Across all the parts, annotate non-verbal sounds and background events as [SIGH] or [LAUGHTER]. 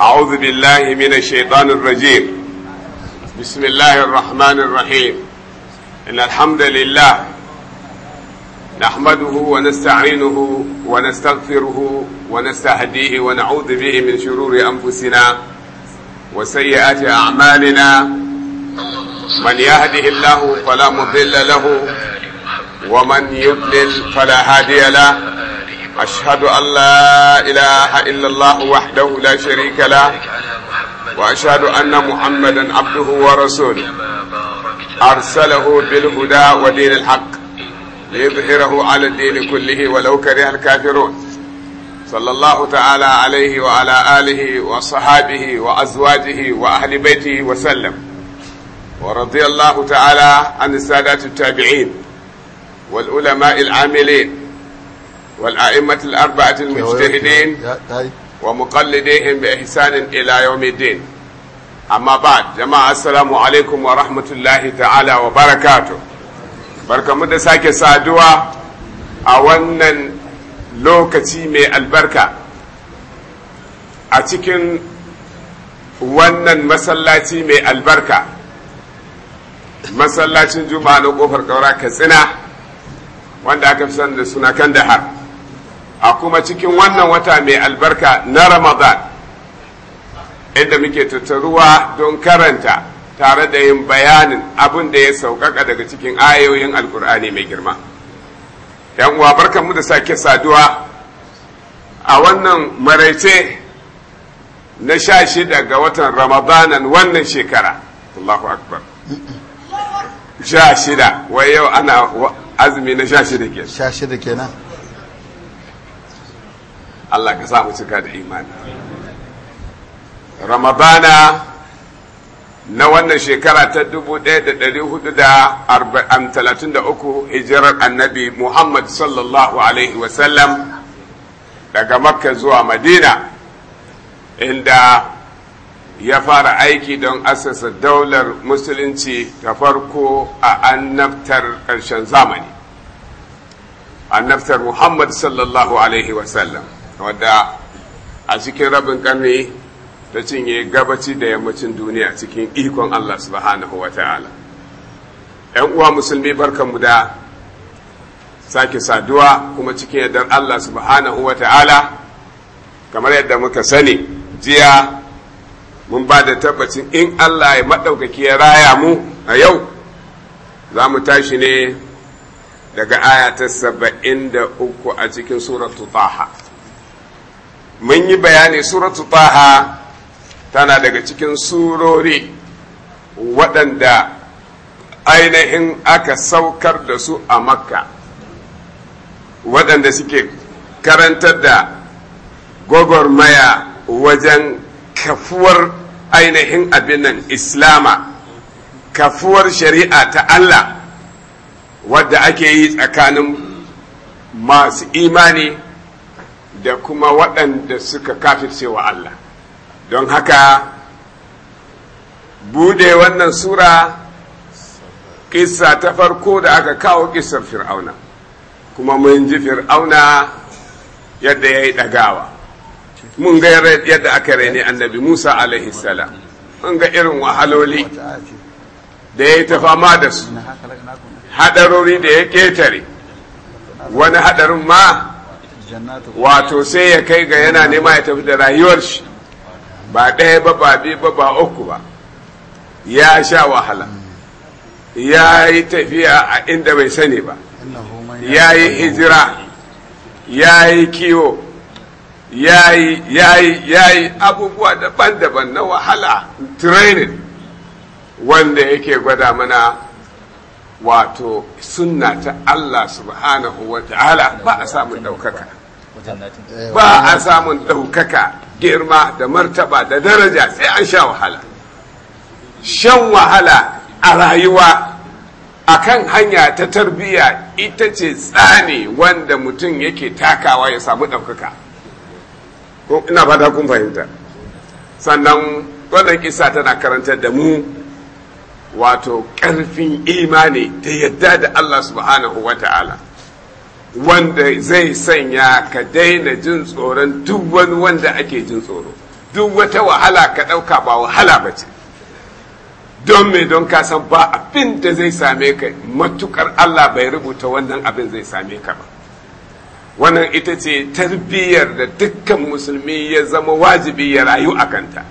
أعوذ بالله من الشيطان الرجيم بسم الله الرحمن الرحيم إن الحمد لله نحمده ونستعينه ونستغفره ونستهديه ونعوذ به من شرور أنفسنا وسيئات أعمالنا من يهده الله فلا مضل له ومن يضلل فلا هادي له أشهد أن لا إله إلا الله وحده لا شريك له وأشهد أن محمدا عبده ورسوله أرسله بالهدى ودين الحق ليظهره على الدين كله ولو كره الكافرون صلى الله تعالى عليه وعلى آله وصحابه وأزواجه وأهل بيته وسلم ورضي الله تعالى عن السادات التابعين والعلماء العاملين والأئمة الأربعة المجتهدين ومقلديهم بإحسان إلى يوم الدين أما بعد جماعة السلام عليكم ورحمة الله تعالى وبركاته بركة مدى ساكة سادوة أولا لوكتي مي البركة أتكن wannan masallaci mai albarka masallacin juma'a na kofar kaura katsina wanda aka fi da suna kan dahar a kuma cikin wannan wata mai albarka na ramadan inda muke tattaruwa don karanta tare da yin bayanin abin da ya sauƙaƙa daga cikin ayoyin alkur'ani mai girma yan uwa barkanmu da sake saduwa a wannan maraice na sha shida ga watan ramadanan wannan shekara allahu akbar sha shida wai yau ana azumi na sha shida ke. sha shida kenan Allah ka sa mu cika da imani ramadana na wannan shekara ta 1433 hijirar annabi muhammad sallallahu alaihi wasallam daga makka zuwa madina inda ya fara aiki don asasa daular musulunci ta farko a annabtar ƙarshen zamani annabtar muhammad sallallahu alaihi wasallam wadda a cikin rabin karni ta cinye gabaci da yammacin duniya cikin ikon Allah subhanahu wa ta'ala. ‘Yan uwa musulmi barkanmu da sake saduwa kuma cikin yadda Allah subhanahu wa ta'ala, kamar yadda muka sani jiya mun ba da tabbacin in Allah ya maɗaukaki ya raya mu a yau, za mu tashi ne daga aya ta saba'in da uku a cikin suratu Taha. mun yi bayani suratu taha tana daga cikin surori waɗanda ainihin aka saukar da su a makka waɗanda suke karantar da gwagwarmaya wajen kafuwar ainihin abin nan islama kafuwar shari'a ta Allah wadda ake yi tsakanin masu imani da kuma waɗanda suka wa Allah don haka bude wannan sura kissa ta farko da aka kawo kisar fir'auna kuma mun ji fir'auna yadda ya yi ɗagawa mun ga yadda aka raini annabi musa alaihi salam mun ga irin wahaloli da ya yi ta fama da su haɗarori da ya ƙetare wani haɗarin ma wato sai ya kai ga yana nema ya tafi da rayuwar shi ba ɗaya ba ba biyu ba ba uku ba ya sha wahala ya yi tafiya a inda bai sani ba ya yi hijira ya yi kiwo ya yi abubuwa daban-daban na wahala training wanda yake gwada mana wato sunna ta Allah subhanahu wa ta'ala ba a samun ɗaukaka ba a samun ɗaukaka girma da martaba da daraja sai an sha wahala shan wahala a rayuwa a kan hanya ta tarbiyya ita ce tsane wanda mutum yake takawa ya samu ɗaukaka ina fata kun fahimta sannan wannan kisa tana karantar da mu wato ƙarfin imani ta yadda da Allah subhanahu wa ta'ala wanda zai sanya ka daina jin tsoron duk wani wanda ake jin tsoro duk wata wahala ka ɗauka ba wahala ba ce don me don ka san ba abin da zai same ka matukar Allah bai rubuta wannan abin zai same ka ba wannan ita ce tarbiyyar da dukkan musulmi ya zama wajibi ya rayu a kanta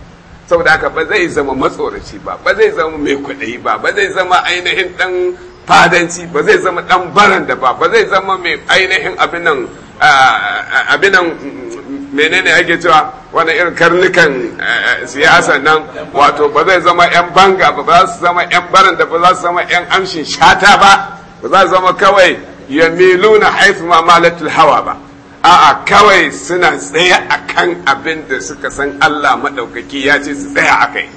saboda haka ba zai zama matsoraci ba ba zai zama mai kwaɗayi ba ba zai zama ainihin ɗan fadanci ba zai zama dan baran da ba ba zai zama mai ainihin abinan abinan menene ake cewa wani irin karnukan siyasa nan wato ba zai zama yan banga ba za su zama yan baran da ba za su zama yan amshin shata ba ba za su zama kawai ya yamiluna haifu malatul hawa ba a'a kawai suna tsaye akan abin da suka san Allah madaukaki ya ce su tsaya a kai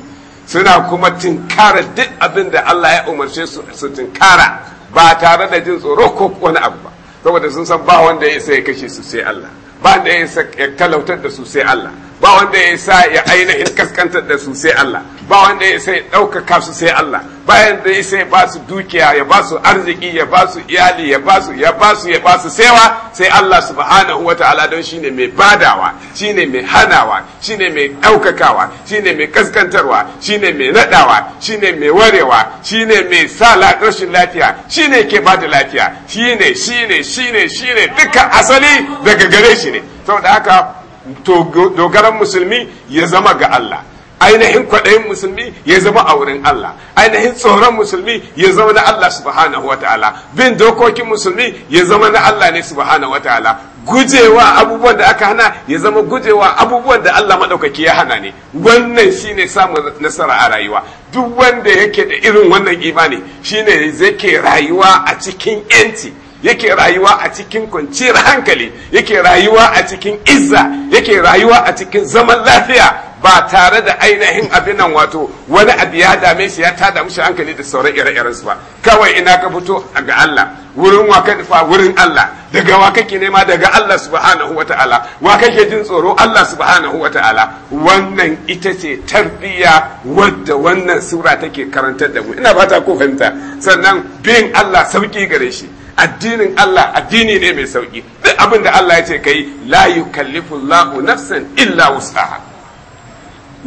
suna kuma tinkara duk abin da Allah ya umarce su su tinkara ba tare da jin tsoro ko wani abu ba saboda sun san ba wanda ya isa ya kashe su sai Allah ba wanda ya isa ya talautar da su sai Allah ba wanda ya sa ya aina ainihin kaskantar da su sai Allah ba wanda ya sai ɗaukaka su sai Allah bayan da ya sai ba su dukiya ya ba su arziki ya ba su iyali ya ba su ya ba su ya ba su sewa sai Allah subhanahu wa ta'ala don shine mai badawa shine mai hanawa shine mai ɗaukakawa shine mai kaskantarwa shine mai naɗawa shine mai warewa shine mai sa rashin lafiya shine ke ba da lafiya shine shine shine shine duka asali daga gare shi ne saboda haka dogaran musulmi ya zama ga Allah ainihin kwaɗayin musulmi ya zama a wurin Allah ainihin tsoron musulmi ya zama na Allah subhanahu wa ta'ala bin dokokin musulmi ya zama na Allah ne subhanahu wa ta'ala gujewa abubuwan da aka hana ya zama gujewa abubuwan da Allah maɗaukaki ya hana ne wannan shine samun nasara a rayuwa duk wanda yake da irin wannan imani shine zai ke rayuwa a cikin 'yanci yake rayuwa a cikin kwanciyar hankali yake rayuwa a cikin izza yake rayuwa a cikin zaman lafiya ba tare da ainihin abin nan wato wani abu ya dame shi ya damu mushi hankali da sauran ire-iren su ba kawai ina ka fito ga Allah wurin wa ka nufa wurin Allah daga wa kake nema daga Allah subhanahu wata'ala wa kake jin tsoro Allah subhanahu wata'ala wannan ita ce tarbiyya wadda wannan sura take karantar da mu ina fata ko fahimta sannan bin Allah sauki gare shi addinin Allah addini ne mai sauki duk abin da Allah ya ce kai la yukallifu Allahu nafsan illa wus'aha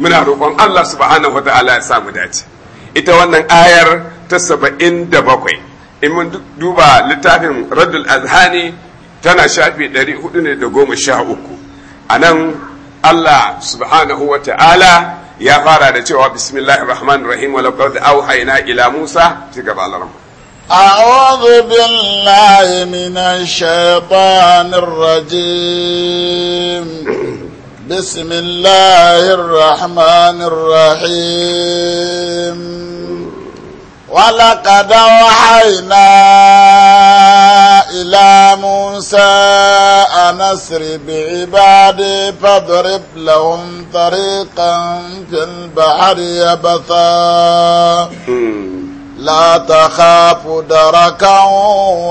muna roƙon Allah subhanahu wataala ya samu dace ita wannan ayar ta saba'in da bakwai in mun duba littafin raddul azhani tana shafi ɗari hudu da goma sha uku a Allah subhanahu wataala ya fara da cewa bismillahir rahmanir rahim wa laqad awhayna ila musa ci gaba أعوذ بالله من الشيطان الرجيم بسم الله الرحمن الرحيم ولقد وحينا إلى موسى أن أسر بعبادي فاضرب لهم طريقا في البحر يبثا لا تخاف دركا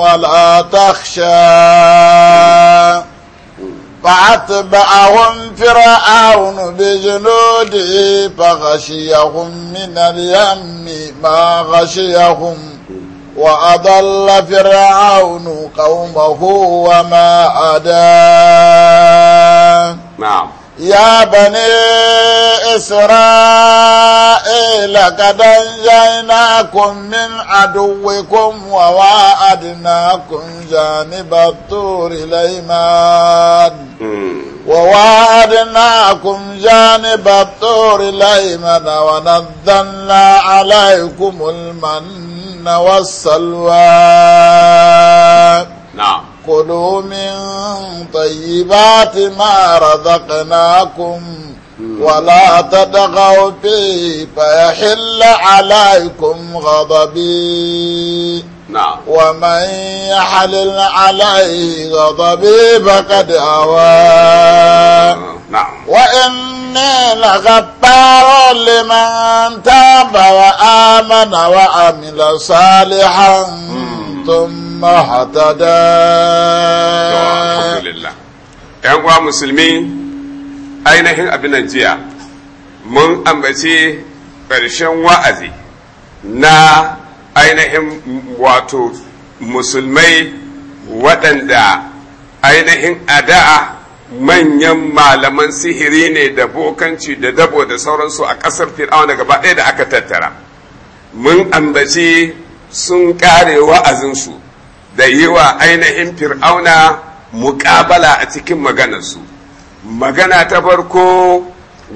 ولا تخشى فأتبعهم فرعون بجنوده فغشيهم من اليم ما غشيهم وأضل فرعون قومه وما أدى نعم يا بني إسرائيل قد أنجيناكم من عدوكم وواعدناكم جانب الطور ليمان وواعدناكم جانب الطور ليمن ونزلنا عليكم المن والسلوى نعم كلوا من طيبات ما رزقناكم ولا تدغوا فيه فيحل عليكم غضبي نعم ومن يحلل عليه غضبي فقد أوى نعم وإني لغفار لمن تاب وآمن وعمل صالحا ثم mahtada yan uwa musulmi ainihin abin jiya mun ambaci ƙarshen wa'azi na ainihin wato musulmai waɗanda ainihin ada'a manyan malaman sihiri ne da bokanci da dabo da sauransu a ƙasar fir'auna gaba ɗaya da aka tattara mun ambaci sun ƙare wa'azinsu da yi wa ainihin fir'auna muƙabala a cikin maganarsu magana ta farko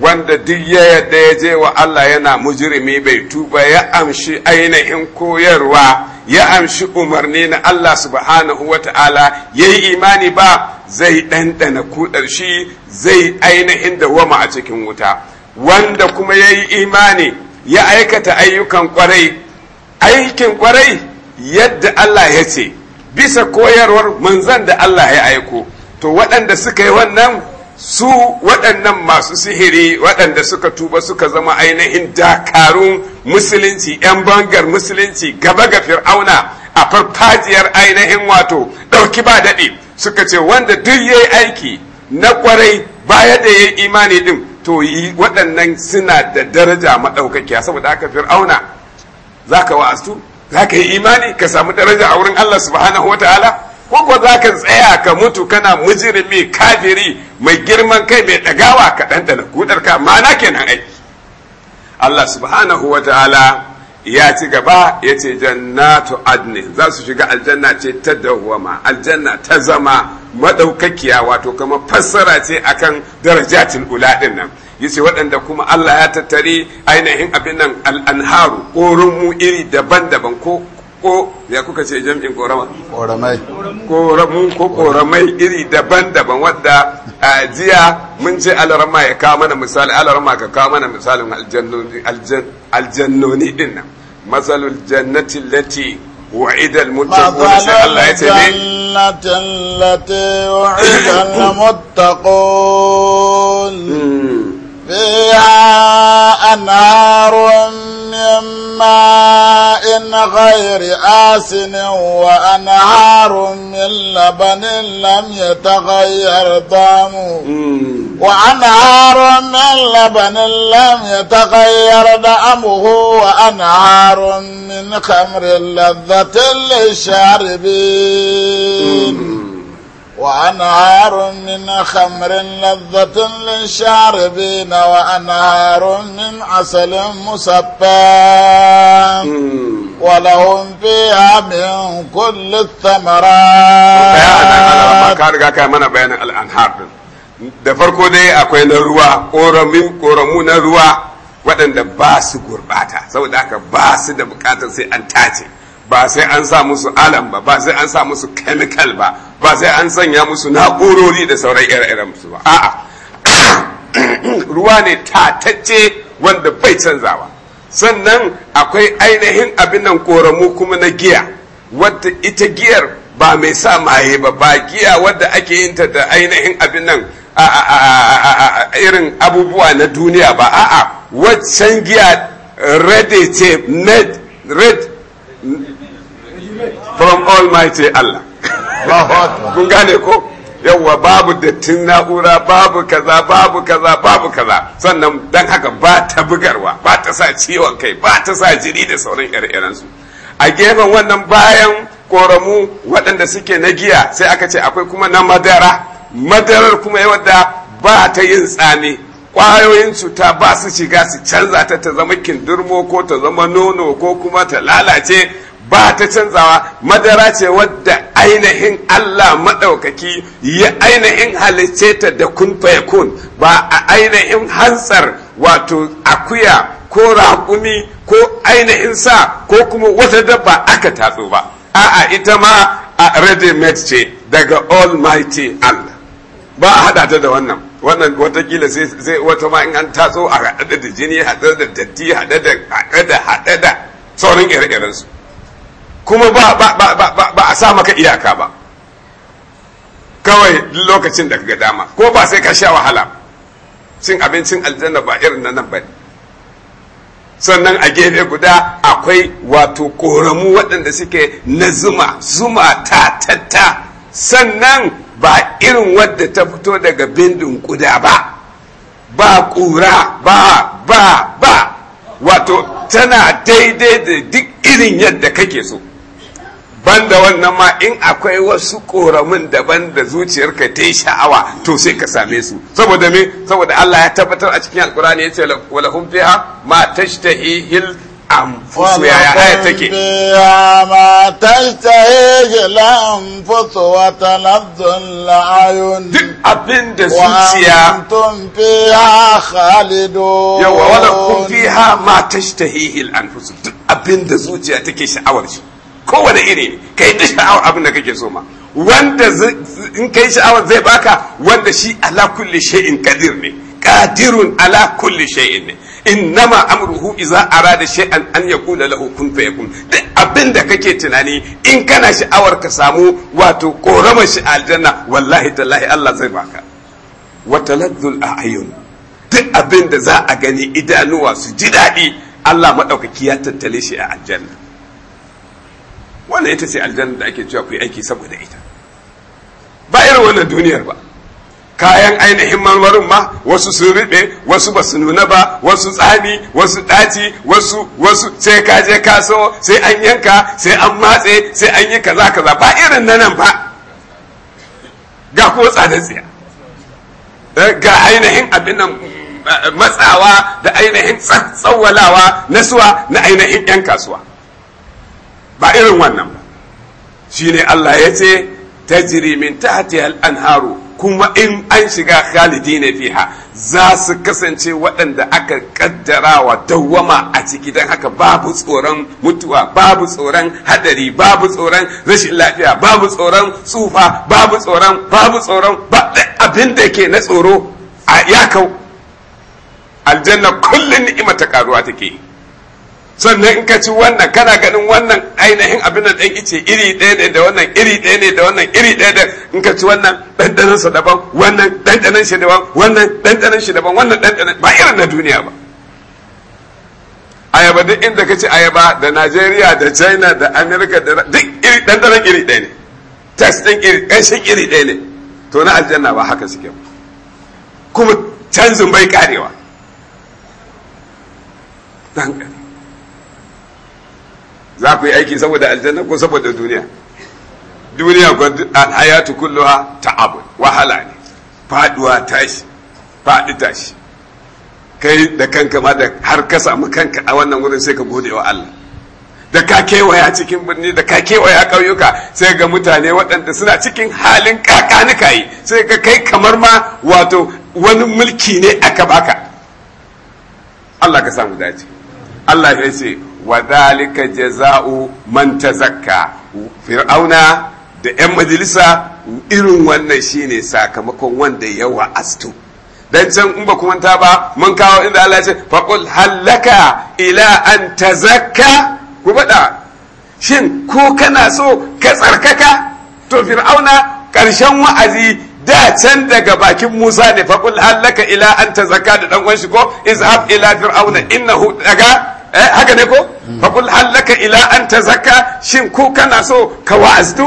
wanda duk ya yadda ya je wa Allah yana mujirimi bai tuba ya amshi ainihin koyarwa ya amshi umarni na Allah subhanahu wa ta'ala ya yi imani ba zai ɗanɗana kudar shi zai ainihin dawama a cikin wuta wanda kuma ya yi imani ya aikata ayyukan kwarai aikin kwarai yadda Allah ya ce bisa koyarwar manzan da Allah ya aiko to waɗanda suka yi wannan su waɗannan masu sihiri waɗanda suka tuba suka zama ainihin dakarun musulunci 'yan bangar musulunci gaba ga fir'auna a farfajiyar ainihin wato ɗauki ba daɗi suka ce wanda duk yayi aiki na kwarai baya da yayi imani ɗin to yi waɗannan suna da daraja maɗaukakiya saboda haka fir'auna za ka wa'astu za ka yi imani ka samu daraja a wurin Allah subhanahu wataala ko kuwa za ka tsaya ka mutu kana mujirimi kafiri mai girman kai mai ɗagawa ka ɗanɗana kudar ka mana kenan ai Allah subhanahu wataala ya ci gaba ya ce jannatu adnin za su shiga aljanna ce ta dawwama aljanna ta zama madaukakiya wato kama fassara ce akan darajatul ula din nan yace waɗanda kuma Allah ya tattare ainihin abin nan al'anharu mu iri daban-daban ko ko ya kuka ce jam'in korama koramai koramu ko koramai iri daban-daban wadda a jiya mun ce alarama ya kawo mana misali alarama ka kawo mana misalin aljannoni din nan masalul jannati lati وعد المتقون سي الله يتني التي وعد المتقون فيها أنهار من ماء غير آسن وأنهار من لبن لم يتغير طعمه وأنهار من لبن لم يتغير طعمه وأنهار من خمر لذة للشاربين وأنهار من خمر لذة للشاربين وأنهار من عسل مسبى ولهم فيها من كل الثمرات ka riga mana bayanin al'anhar da farko dai akwai na ruwa ƙoramu na ruwa waɗanda ba su gurɓata saboda haka ba da buƙatar sai an tace ba sai an sa musu alam ba ba sai an sa musu chemical ba ba sai an sanya musu na'urori da sauran ire-iren su ba a'a [CLEARS THROAT] ruwa ne tatacce wanda bai canzawa sannan akwai ainihin abin nan koramu kuma na giya wadda ita giyar ba mai sa maye ba ba giya wadda ake yin ta da ainihin abin nan irin abubuwa na duniya ba a'a waccan giya red ce red from almighty Allah kun gane ko yawwa babu dattin na'ura babu kaza babu kaza babu kaza sannan dan haka ba ta bugarwa ba ta sa ciwon kai ba ta sa jiri da sauran ire su a gefen wannan bayan koramu waɗanda suke na giya sai aka ce akwai kuma na madara madarar kuma da ba ta yin tsami ƙwayoyin cuta ba su shiga su canza ta ta zama kindurmo ko ta zama nono ko kuma ta lalace ba ta canzawa madara ce wadda ainihin Allah maɗaukaki ya ainihin halicce ta da kun fayakun ba a ainihin hantsar wato akuya ko raƙumi ko ainihin sa ko kuma wata dabba aka tatso ba a'a ita ma a ready made ce daga almighty Allah ba a hada ta da wannan wannan watakila sai wata ma in an taso a haɗe da jini haɗe da datti haɗe da haɗe da haɗe da sauran ire-irensu kuma ba a sa maka iyaka ba kawai lokacin da ga dama ko ba sai ka sha wahala cin abincin aljanna ba irin na nan ba sannan a gefe guda akwai wato koramu waɗanda suke na zuma zuma ta tatta sannan ba irin wadda ta fito daga bindin kuda ba ba ƙura ba ba ba wato tana daidai da duk irin yadda kake so ban da wannan ma in akwai wasu koramin daban da zuciyarka ta yi sha'awa to sai ka same su saboda me saboda Allah ya tabbatar a cikin alkurani ya ce walahum fiha ma tashtahi hil anfusu ya aya take ma tashtahi hil anfusu wa talazzul ayun duk abin da zuciya antum fiha khalidu yawa walakum fiha ma tashtahi hil anfusu duk abin da zuciya take sha'awar shi kowane iri kai da sha'awar abin da kake so ma wanda in kai sha'awar zai baka wanda shi ala kulli shay'in kadir ne kadirun ala kulli shay'in ne innama amruhu a arada shay'an an yakuna lahu kun fayakun duk abin da kake tunani in kana sha'awar ka samu wato korama shi aljanna wallahi tallahi Allah zai baka wa taladdul a'yun duk abin da za a gani idanuwa su ji daɗi Allah maɗaukaki ya tattale shi a aljanna wannan ita ce aljanna da ake cewa ku yi aiki saboda ita ba irin wannan duniyar ba kayan ainihin marmarin ma wasu sun riɓe wasu ba su nuna ba wasu tsami wasu ɗaci wasu wasu sai ka je ka so sai an yanka sai an matse sai an yi kaza kaza ba irin na nan ba ga kuma tsada tsiya eh, ga ainihin abin nan eh, matsawa da ainihin tsawalawa na suwa na ainihin yan kasuwa ba irin wannan ba ne Allah ya ce ta min hati al-anharu kuma in an shiga khalidina fiha za su kasance waɗanda aka ƙaddarawa dawwama a ciki don haka babu tsoron mutuwa babu tsoron hadari babu tsoron rashin lafiya babu tsoron tsufa babu tsoron babu tsoron abin da ke na tsoro a yakau aljanna kullum ni'ima ta karuwa take sannan in ka ci wannan kana ganin wannan ainihin abin da ɗan ice iri ɗaya ne da wannan iri ɗaya ne da wannan iri ɗaya da in ka ci wannan ɗanɗanan sa daban wannan ɗanɗanan shi daban wannan ɗanɗanan shi daban wannan ɗanɗanan ba irin na duniya ba ayaba duk inda ka ci ayaba da Najeriya da China da Amerika da duk iri ɗanɗanan iri ɗaya ne test ɗin iri ƙanshin iri ɗaya ne to na aljanna ba haka suke ba kuma canzin bai karewa dan za ku yi aiki saboda aljanna ko saboda duniya duniya ko alhayatu kulluha ta'ab wahala ne faduwa tashi fadi tashi kai da kanka ma da har ka samu kanka a wannan wurin sai ka gode wa Allah da ka kewaya cikin birni da ka kewaya ƙauyuka sai ga mutane waɗanda suna cikin halin kakanuka yi sai ga kai kamar ma wato wani mulki ne aka baka Allah ka samu dace Allah ya ce wa جزاء jaza'u تزكى فرعون fir'auna da 'yan majalisa irin wannan shine sakamakon wanda yawa astu dan can in ba kuma ta ba mun kawo inda Allah ya ce faqul hallaka ila an tazakka ku bada shin ko kana so ka tsarkaka to fir'auna karshen wa'azi da can daga bakin Musa ne faqul hallaka ila an tazakka da dan shi ko izhab ila fir'auna innahu daga eh haka ne ko hmm. fa qul hal ila an tazakka shin ku kana so ka wa'azdu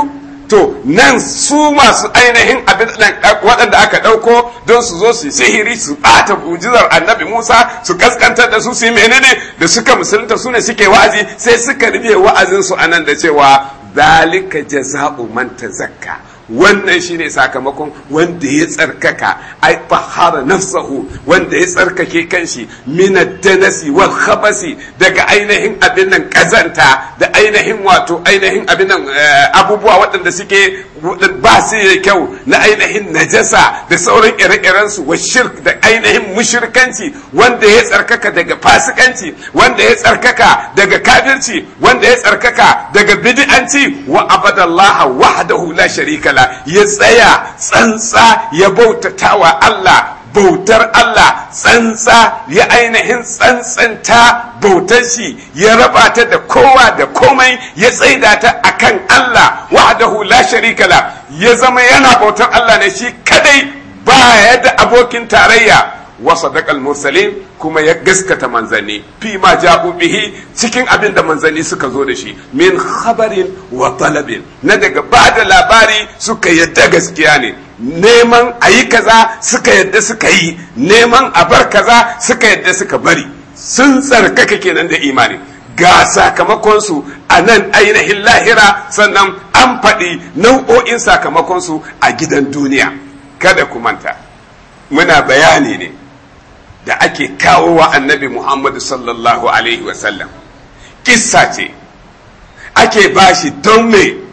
to nan su masu ainihin abin eh, waɗanda aka ɗauko don su zo su sihiri su ɓata bujizar annabi musa su kaskantar da su su yi menene da suka musulunta su ne suke wa'azi sai suka rufe wa'azinsu a nan da cewa zalika jaza'u man zakka. wannan shine sakamakon wanda ya tsarkaka ai fahara nafsahu wanda ya tsarkake kanshi minad danasi wal khabasi daga ainihin abin nan kazanta da ainihin wato ainihin abin nan eh, abubuwa waɗanda suke ba su da kyau na ainihin najasa da sauran ire-iren su wa shirk da ainihin mushirkanci wanda ya tsarkaka daga fasikanci wanda ya tsarkaka daga kafirci wanda ya tsarkaka daga bid'anci wa abadallaha wahdahu la sharika ya tsaya tsantsa ya bautata wa Allah bautar Allah tsantsa ya ainihin tsantsanta bautar shi ya raba ta da kowa da komai ya tsaida ta kan Allah wa'adahu la sharika la ya zama yana bautar Allah ne shi kadai baya da abokin tarayya wa sadaqal mursalin kuma ya gaskata manzanni fi ma bihi cikin abin da manzanni suka zo da shi min khabarin wa talabin na daga ba da labari suka yadda gaskiya ne neman ayi kaza suka yadda suka yi neman a bar kaza suka yadda suka bari sun tsarkaka kenan da imani ga sakamakonsu a nan ainihin lahira sannan an faɗi nau'o'in sakamakonsu a gidan duniya kada ku manta muna bayani ne da ake kawo wa annabi Muhammadu sallallahu Alaihi wasallam, kissa ce, ake bashi don me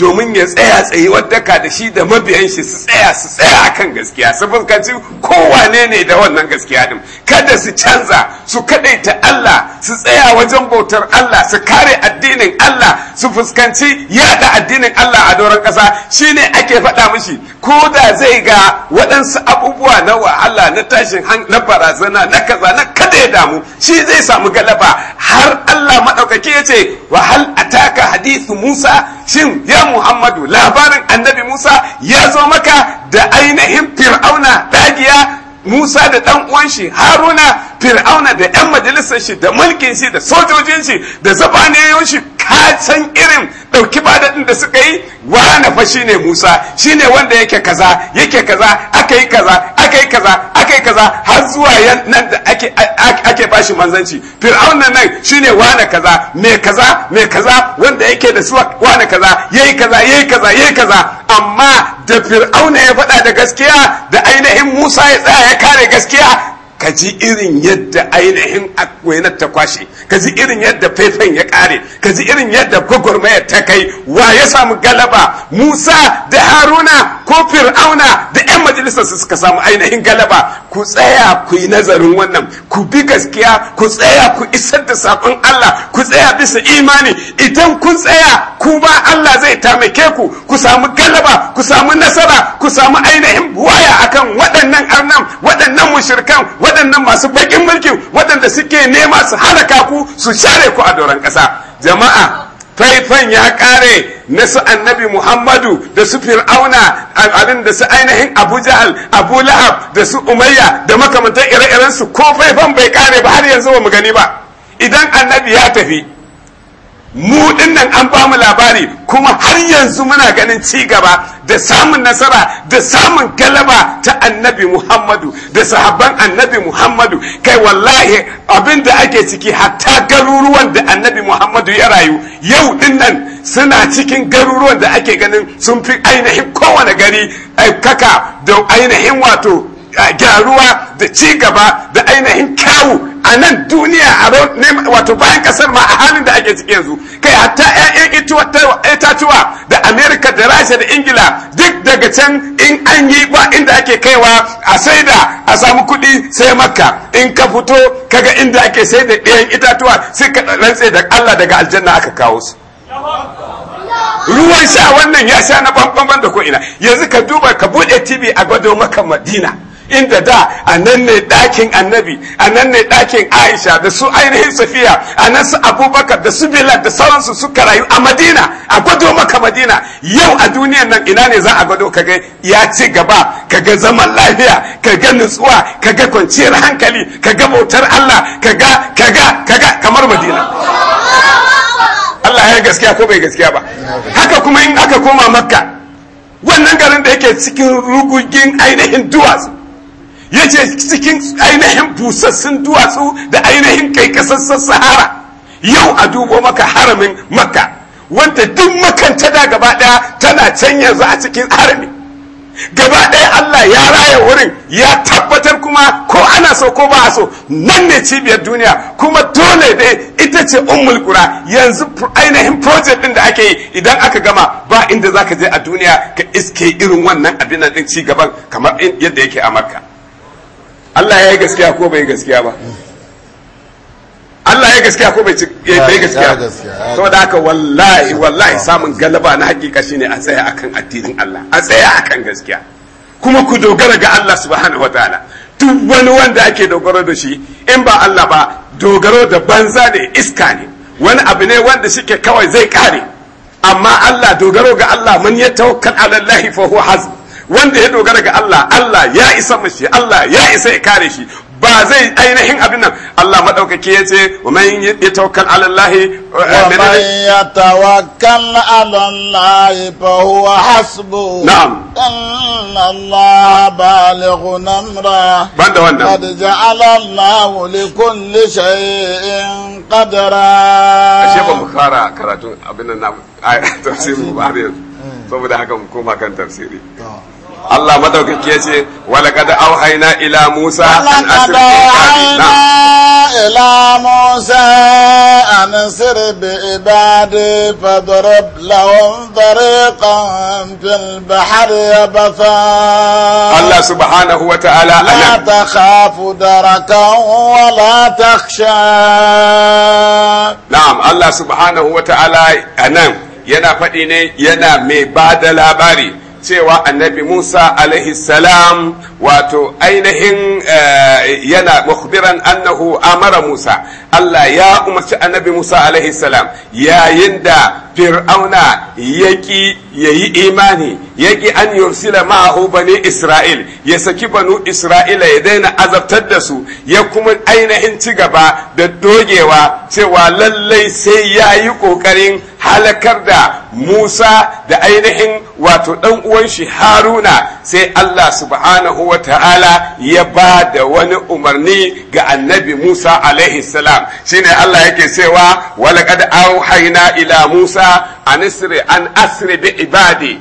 domin ya tsaya tsaye wadaka da shi da mabiyan shi su tsaya su tsaya kan gaskiya su fuskanci kowane ne da wannan gaskiya din kada su canza su kadaita Allah su tsaya wajen bautar Allah su kare addinin Allah su fuskanci yada addinin Allah a doron kasa shine ake faɗa mishi ko da zai ga waɗansu abubuwa na wahala na tashin na barazana na kaza na kada ya damu shi zai samu galaba har Allah maɗaukaki ya ce wahal ataka hadithu Musa shin ya Muhammadu labarin annabi Musa ya zo maka da ainihin fir'auna dagiya Musa da ɗan uwan shi Haruna Fir'auna da ƴan majalisar shi da mulkin shi da sojojin shi da zabaniyoyin shi ka san irin ɗauki badadin da suka yi wane fa shine Musa shine wanda yake kaza yake kaza aka yi kaza aka yi kaza aka yi kaza har zuwa nan da ake bashi manzanci fir'auna nan shine wane kaza me kaza me kaza wanda yake da su wane kaza yayi kaza yayi kaza yayi kaza amma da fir'auna ya faɗa da gaskiya da ainihin Musa ya tsaya ya kare gaskiya ka ji irin yadda ainihin akwainar ta kwashe ka ji irin yadda faifan ya kare ka ji irin yadda gwagwarmaya ta kai wa ya samu galaba musa da haruna ko fir'auna da 'yan majalisarsu suka samu ainihin galaba ku tsaya ku yi nazarin wannan ku bi gaskiya ku tsaya ku isar da saƙon Allah ku tsaya bisa imani idan kun tsaya ku ba Allah zai tamake ku ku samu galaba ku samu nasara ku samu ainihin waya akan waɗannan arnan waɗannan mushrikan waɗannan masu baƙin mulki waɗanda suke nema su halaka ku su share ku a doron ƙasa jama'a faifan ya kare na su annabi muhammadu da su fir'auna abin da su ainihin abu jahal abu lahab da su umayya da makamantar ire-irensu ko faifan bai kare ba har yanzu ba mu gani ba idan annabi ya tafi mu dinnan an ba mu labari kuma har yanzu muna ganin ci gaba da samun nasara da samun galaba ta annabi muhammadu da sahabban annabi muhammadu kai wallahi abin da ake ciki hatta garuruwan da annabi muhammadu ya rayu yau dinnan suna cikin garuruwan da ake ganin sun fi ainihin kowane gari kaka da ainihin wato gyaruwa da ci gaba da ainihin kyawu a nan duniya a wato bayan kasar ma a halin da ake ciki yanzu kai hatta 'ya'yan itatuwa da amerika da rasha da ingila duk daga can in an yi ba inda ake kaiwa a saida a samu kuɗi sai makka in ka fito kaga inda ake sai da ɗayan itatuwa sai ka rantse da allah daga aljanna aka kawo su ruwan sha wannan ya sha na bambam da ko ina yanzu ka duba ka buɗe tv a gwado maka madina inda da a nan ne ɗakin annabi a nan ne ɗakin aisha da su ainihin safiya a nan su abubakar da su bilal da sauransu suka rayu a madina a gwado maka madina yau a duniyan nan ina ne za a gwado kaga ya ci gaba kaga zaman lafiya kaga nutsuwa kaga kwanciyar hankali kaga bautar allah kaga kaga kaga kamar madina Allah ya gaskiya ko bai gaskiya ba haka kuma in aka koma makka wannan garin da yake cikin rugugin ainihin duwatsu ya cikin ainihin busassun duwatsu da ainihin kai sahara yau a dubo maka haramin makka wanda duk makanta da gaba daya tana can yanzu a cikin harami gaba daya Allah ya raya wurin ya tabbatar kuma ko ana so ko ba a so nan ne cibiyar duniya kuma dole ne ita ce ummul kura yanzu ainihin project din da ake yi idan aka gama ba inda zaka je a duniya ka iske irin wannan abin nan din ci gaban kamar yadda yake a makka Allah ya yi gaskiya ko bai gaskiya ba Allah ya yi gaskiya ko bai gaskiya to da haka wallahi wallahi samun galaba na hakika shine a tsaya akan addinin Allah a tsaya akan gaskiya kuma ku dogara ga Allah subhanahu wataala duk wani wanda ake dogaro da shi in ba Allah ba dogaro da banza ne iska ne wani abu ne wanda shike kawai zai kare amma Allah dogaro ga Allah man ya tawakkal ala Allah fa huwa wanda ya dogara ga Allah Allah ya isa mashi Allah ya isa ya kare shi ba zai ainihin abin nan Allah madaukake ya ce wa man yatawakkal ala Allah eh, wa man ya ala Allah fa huwa hasbu na'am inna Allah balighu amra banda wannan qad ja'ala Allah li kulli shay'in qadara ashe ba mu fara karatu abin nan na [LAUGHS] tafsirin ba har mm. saboda haka mu koma kan tafsiri Allah madaukaki ya ce walaqad auhayna ila Musa an asri ila Musa an asir bi ibadi fadrib lahum tariqan fil bahri yabatha Allah subhanahu wa ta'ala la takhafu darakan wa la takhsha na'am Allah subhanahu wa ta'ala anan yana faɗi ne yana mai ba da labari cewa annabi Musa alaihi salam wato ainihin eh, yana mukhbiran annahu amara Musa Allah ya umarci annabi Musa alaihi salam yayin da fir'auna ya yayi imani yaƙi an yursila ma'ahu bani Isra'il ya saki banu Isra'ila ya daina azabtar da su ya kuma ainihin ci gaba da dogewa cewa lallai sai yayi ƙoƙarin. halakar da Musa da ainihin wato ɗan uwan shi Haruna sai Allah subhanahu wa ta'ala ya ba da wani umarni ga annabi Musa alaihi salam shine Allah yake cewa walaqad auhayna ila Musa an asri an asri bi ibadi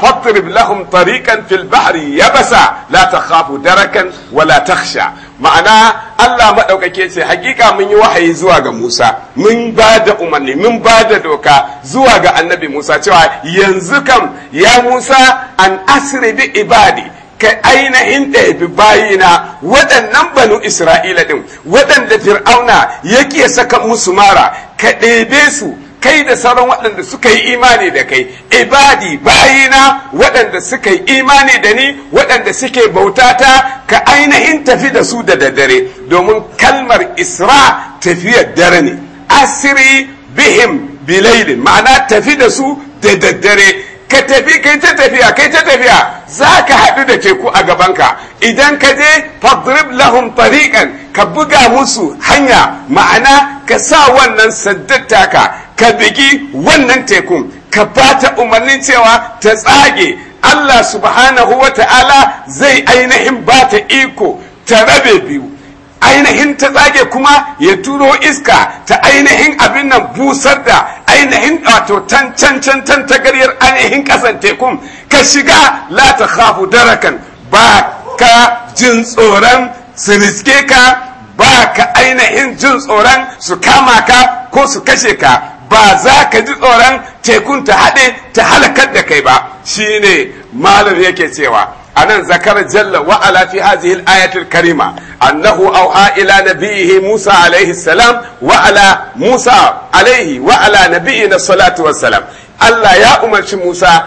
فاضرب لهم طريقا في البحر يبسا لا darakan دركا ولا تخشى ma'ana Allah maɗaukake ce hakika mun yi wahayi zuwa ga Musa mun ba da umarni mun ba da doka zuwa ga annabi Musa cewa yanzu kam ya Musa an asri bi ibadi kai ainihin ɗabi bayina waɗannan banu Isra'ila ɗin waɗanda fir'auna yake saka musu mara ka ɗebe su kai da sauran waɗanda suka yi imani da kai ibadi bayina waɗanda suka yi imani da ni waɗanda suke bautata ka ainihin tafi da su da daddare domin kalmar isra tafiyar dare ne asiri bihim bilailin ma'ana tafi da su da daddare ka tafi kai ta tafiya kai ta tafiya za ka haɗu da teku a gabanka idan ka je fadrib lahum tariqan ka buga musu hanya ma'ana ka sa wannan saddattaka ka bigi wannan tekun ka ba ta umarnin cewa ta tsage Allah subhanahu wa ta'ala zai ainihin ba ta iko ta rabe biyu ainihin ta tsage kuma ya turo iska ta ainihin abin nan busar da ainihin wato can can tagaryar ainihin kasan tekun ka shiga la ta khafu darakan ba ka jin tsoron su riske ka ba ka ainihin jin tsoron su kama ka ko su kashe ka ba za ka ji tsoron tekun ta haɗe ta halakar da kai ba shi ne malam yake cewa a nan zakar jalla wa ala fi hadhihi ayatul karima annahu awha ila nabiyhi Musa alayhi salam wa ala Musa alayhi wa ala nabiyina salatu wassalam Allah ya umarci Musa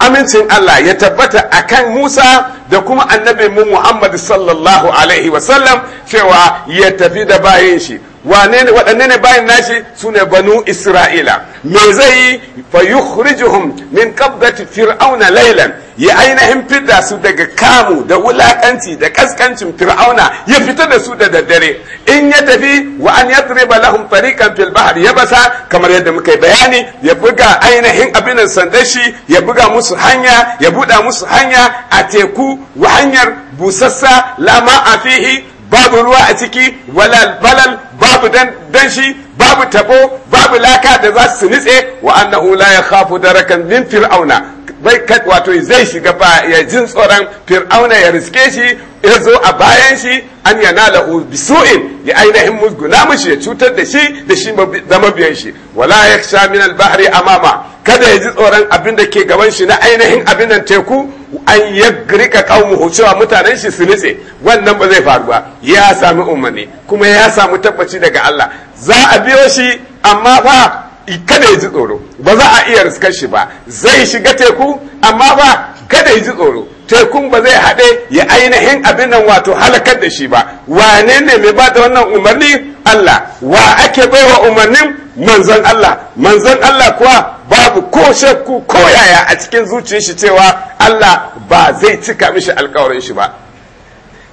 amincin Allah ya tabbata a kan Musa da kuma annabi mu Muhammad sallallahu alaihi wasallam cewa ya tafi da bayan shi waɗanne ne bayan nashi su ne banu isra'ila me zai yi fa yukhrijuhum min qabdati fir'auna laylan ya ainihin fidda su daga kamu da wulakanci da kaskancin fir'auna ya fita da su da daddare in ya tafi wa an yadriba lahum tariqan fil bahr yabasa kamar yadda muka bayani ya buga ainihin abin sandan shi ya buga musu hanya ya buɗa musu hanya a teku wa hanyar busassa lama a fihi babu ruwa a ciki walal balal babu danshi babu tabo babu laka da za su nitse wa annahu la yakhafu darakan min fir'auna bai kat wato zai shiga ba ya jin tsoron fir'auna ya riske shi ya zo a bayan shi an lahu bisu'in ya ainihin musguna mushi ya cutar da shi da shi zama biyan shi wala yakhsha min al-bahri amama kada ya ji tsoron abin da ke gaban shi na ainihin abin nan teku an rika kawo cewa mutanen shi su nitse wannan ba zai faru ba ya sami umarni kuma ya sami tabbaci daga Allah za a biyo shi amma fa kada ya ji tsoro ba za a iya riskar shi ba zai shiga teku amma ba kada ya ji tsoro tekun ba zai haɗe ya ainihin abin nan wato halakar da shi ba wane ne mai ba da wannan umarni Allah wa ake baiwa umarnin manzon Allah manzon Allah kuwa babu ko shakku ko yaya a cikin zuciyar shi cewa Allah ba zai cika mishi alkawarin shi ba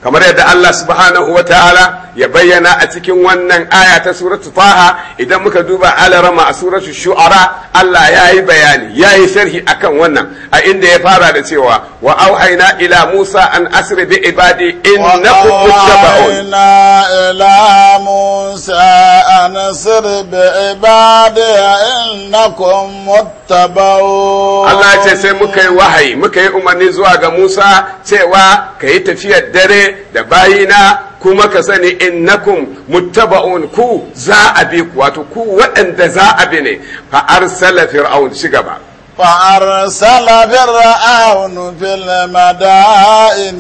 kamar yadda Allah subhanahu wa ta'ala ya bayyana a cikin wannan aya ta suratu faha idan muka duba alarama a suratu shu'ara Allah ya yi bayani ya yi sharhi akan wannan a inda ya fara da cewa wa auhaina ila musa an asri bi ibadi innakum muttaba'un ila musa an asri bi ibadi innakum muttaba'un Allah ce sai muka yi wahayi muka yi umarni zuwa ga Musa cewa ka yi tafiyar dare da bayina kuma ka sani in innakum muttaba'un ku za a bi ku wato ku waɗanda za a bi ne fa arsala fir'aun shi gaba fa arsala fir'aun fil madain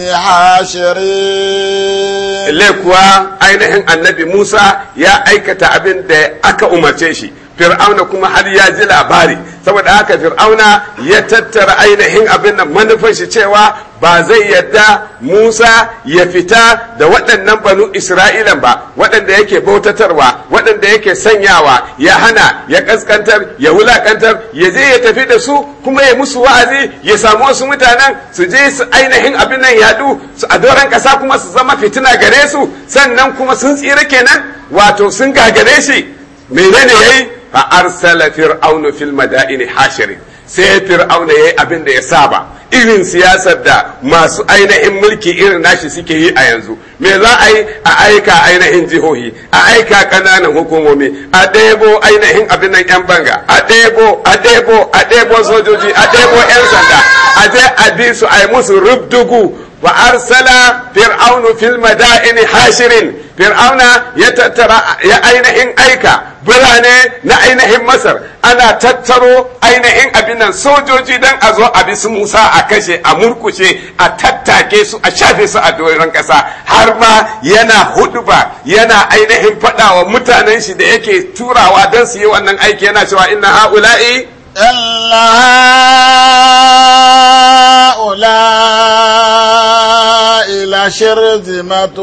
kuwa ainihin annabi Musa ya aikata abin da aka umarce shi fir'auna kuma har ya ji labari saboda haka fir'auna ya tattara ainihin abin nan manufar shi cewa ba zai yadda musa ya fita da waɗannan banu isra'ila ba waɗanda yake bautatarwa waɗanda yake sanyawa ya hana ya ƙasƙantar ya wulaƙantar ya je ya tafi da su kuma ya musu wa'azi ya samu wasu mutanen su je su ainihin abin nan yaɗu su a doron ƙasa kuma su zama fitina gare su sannan kuma sun tsira kenan wato sun gagare shi menene yayi fa arsala fir'aun fil madain hashirin sai fir'auna yayi abin da ya saba irin siyasar da masu ainihin mulki irin nashi suke yi a yanzu me za a yi a aika ainihin jihohi a aika kananan hukumomi a ɗebo ainihin abin nan yan banga a ɗebo a ɗebo a ɗebo sojoji a ɗebo yan sanda a je a bi su a musu rubdugu wa arsala fir'aunu fil madaini hashirin fir'auna ya tattara ainihin aika birane na ainihin masar ana tattaro ainihin abin nan sojoji don a zo a bisu musa a kashe a murkushe a tattake su a shafe su a doron ƙasa har ma yana huɗuba yana ainihin faɗawa mutanen shi da yake turawa don su yi wannan aiki yana cewa inna ha'ula'i إلا هؤلاء لشرذمة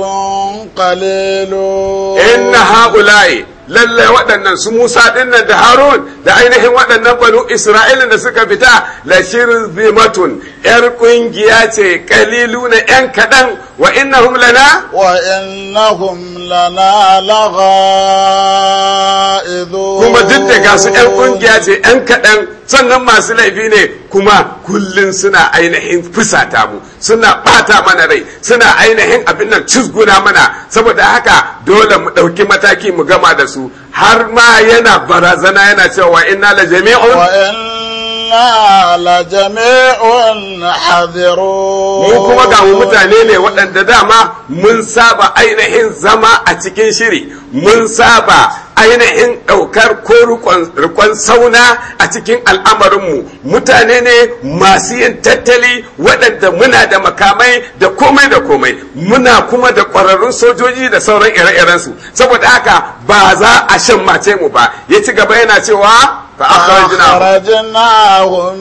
قليلون إن هؤلاء lallai waɗannan su Musa ɗinnan da Harun da ainihin waɗannan banu isra'ila da suka fita la shirzimatun yar kungiya ce kalilu na yan kaɗan wa innahum lana wa innahum lana lagha'idu kuma duk da gasu yan ƙungiya ce yan kaɗan sannan masu laifi ne kuma kullum suna ainihin fusata mu suna bata mana rai suna ainihin abin nan cizguna mana saboda haka dole mu ɗauki mataki mu gama da su har ma yana barazana yana cewa wa inna la jami'un wa inna la jami'un hadirun mu kuma ga mutane ne waɗanda dama mun saba ainihin zama a cikin shiri mun saba ainihin ɗaukar ko rikon sauna a cikin al'amarinmu mutane ne masu yin tattali waɗanda muna da makamai da komai da komai muna kuma da ƙwararrun sojoji da sauran ire-irensu saboda haka ba za a shan mace mu ba ya ci gaba yana cewa fa'akharajnahum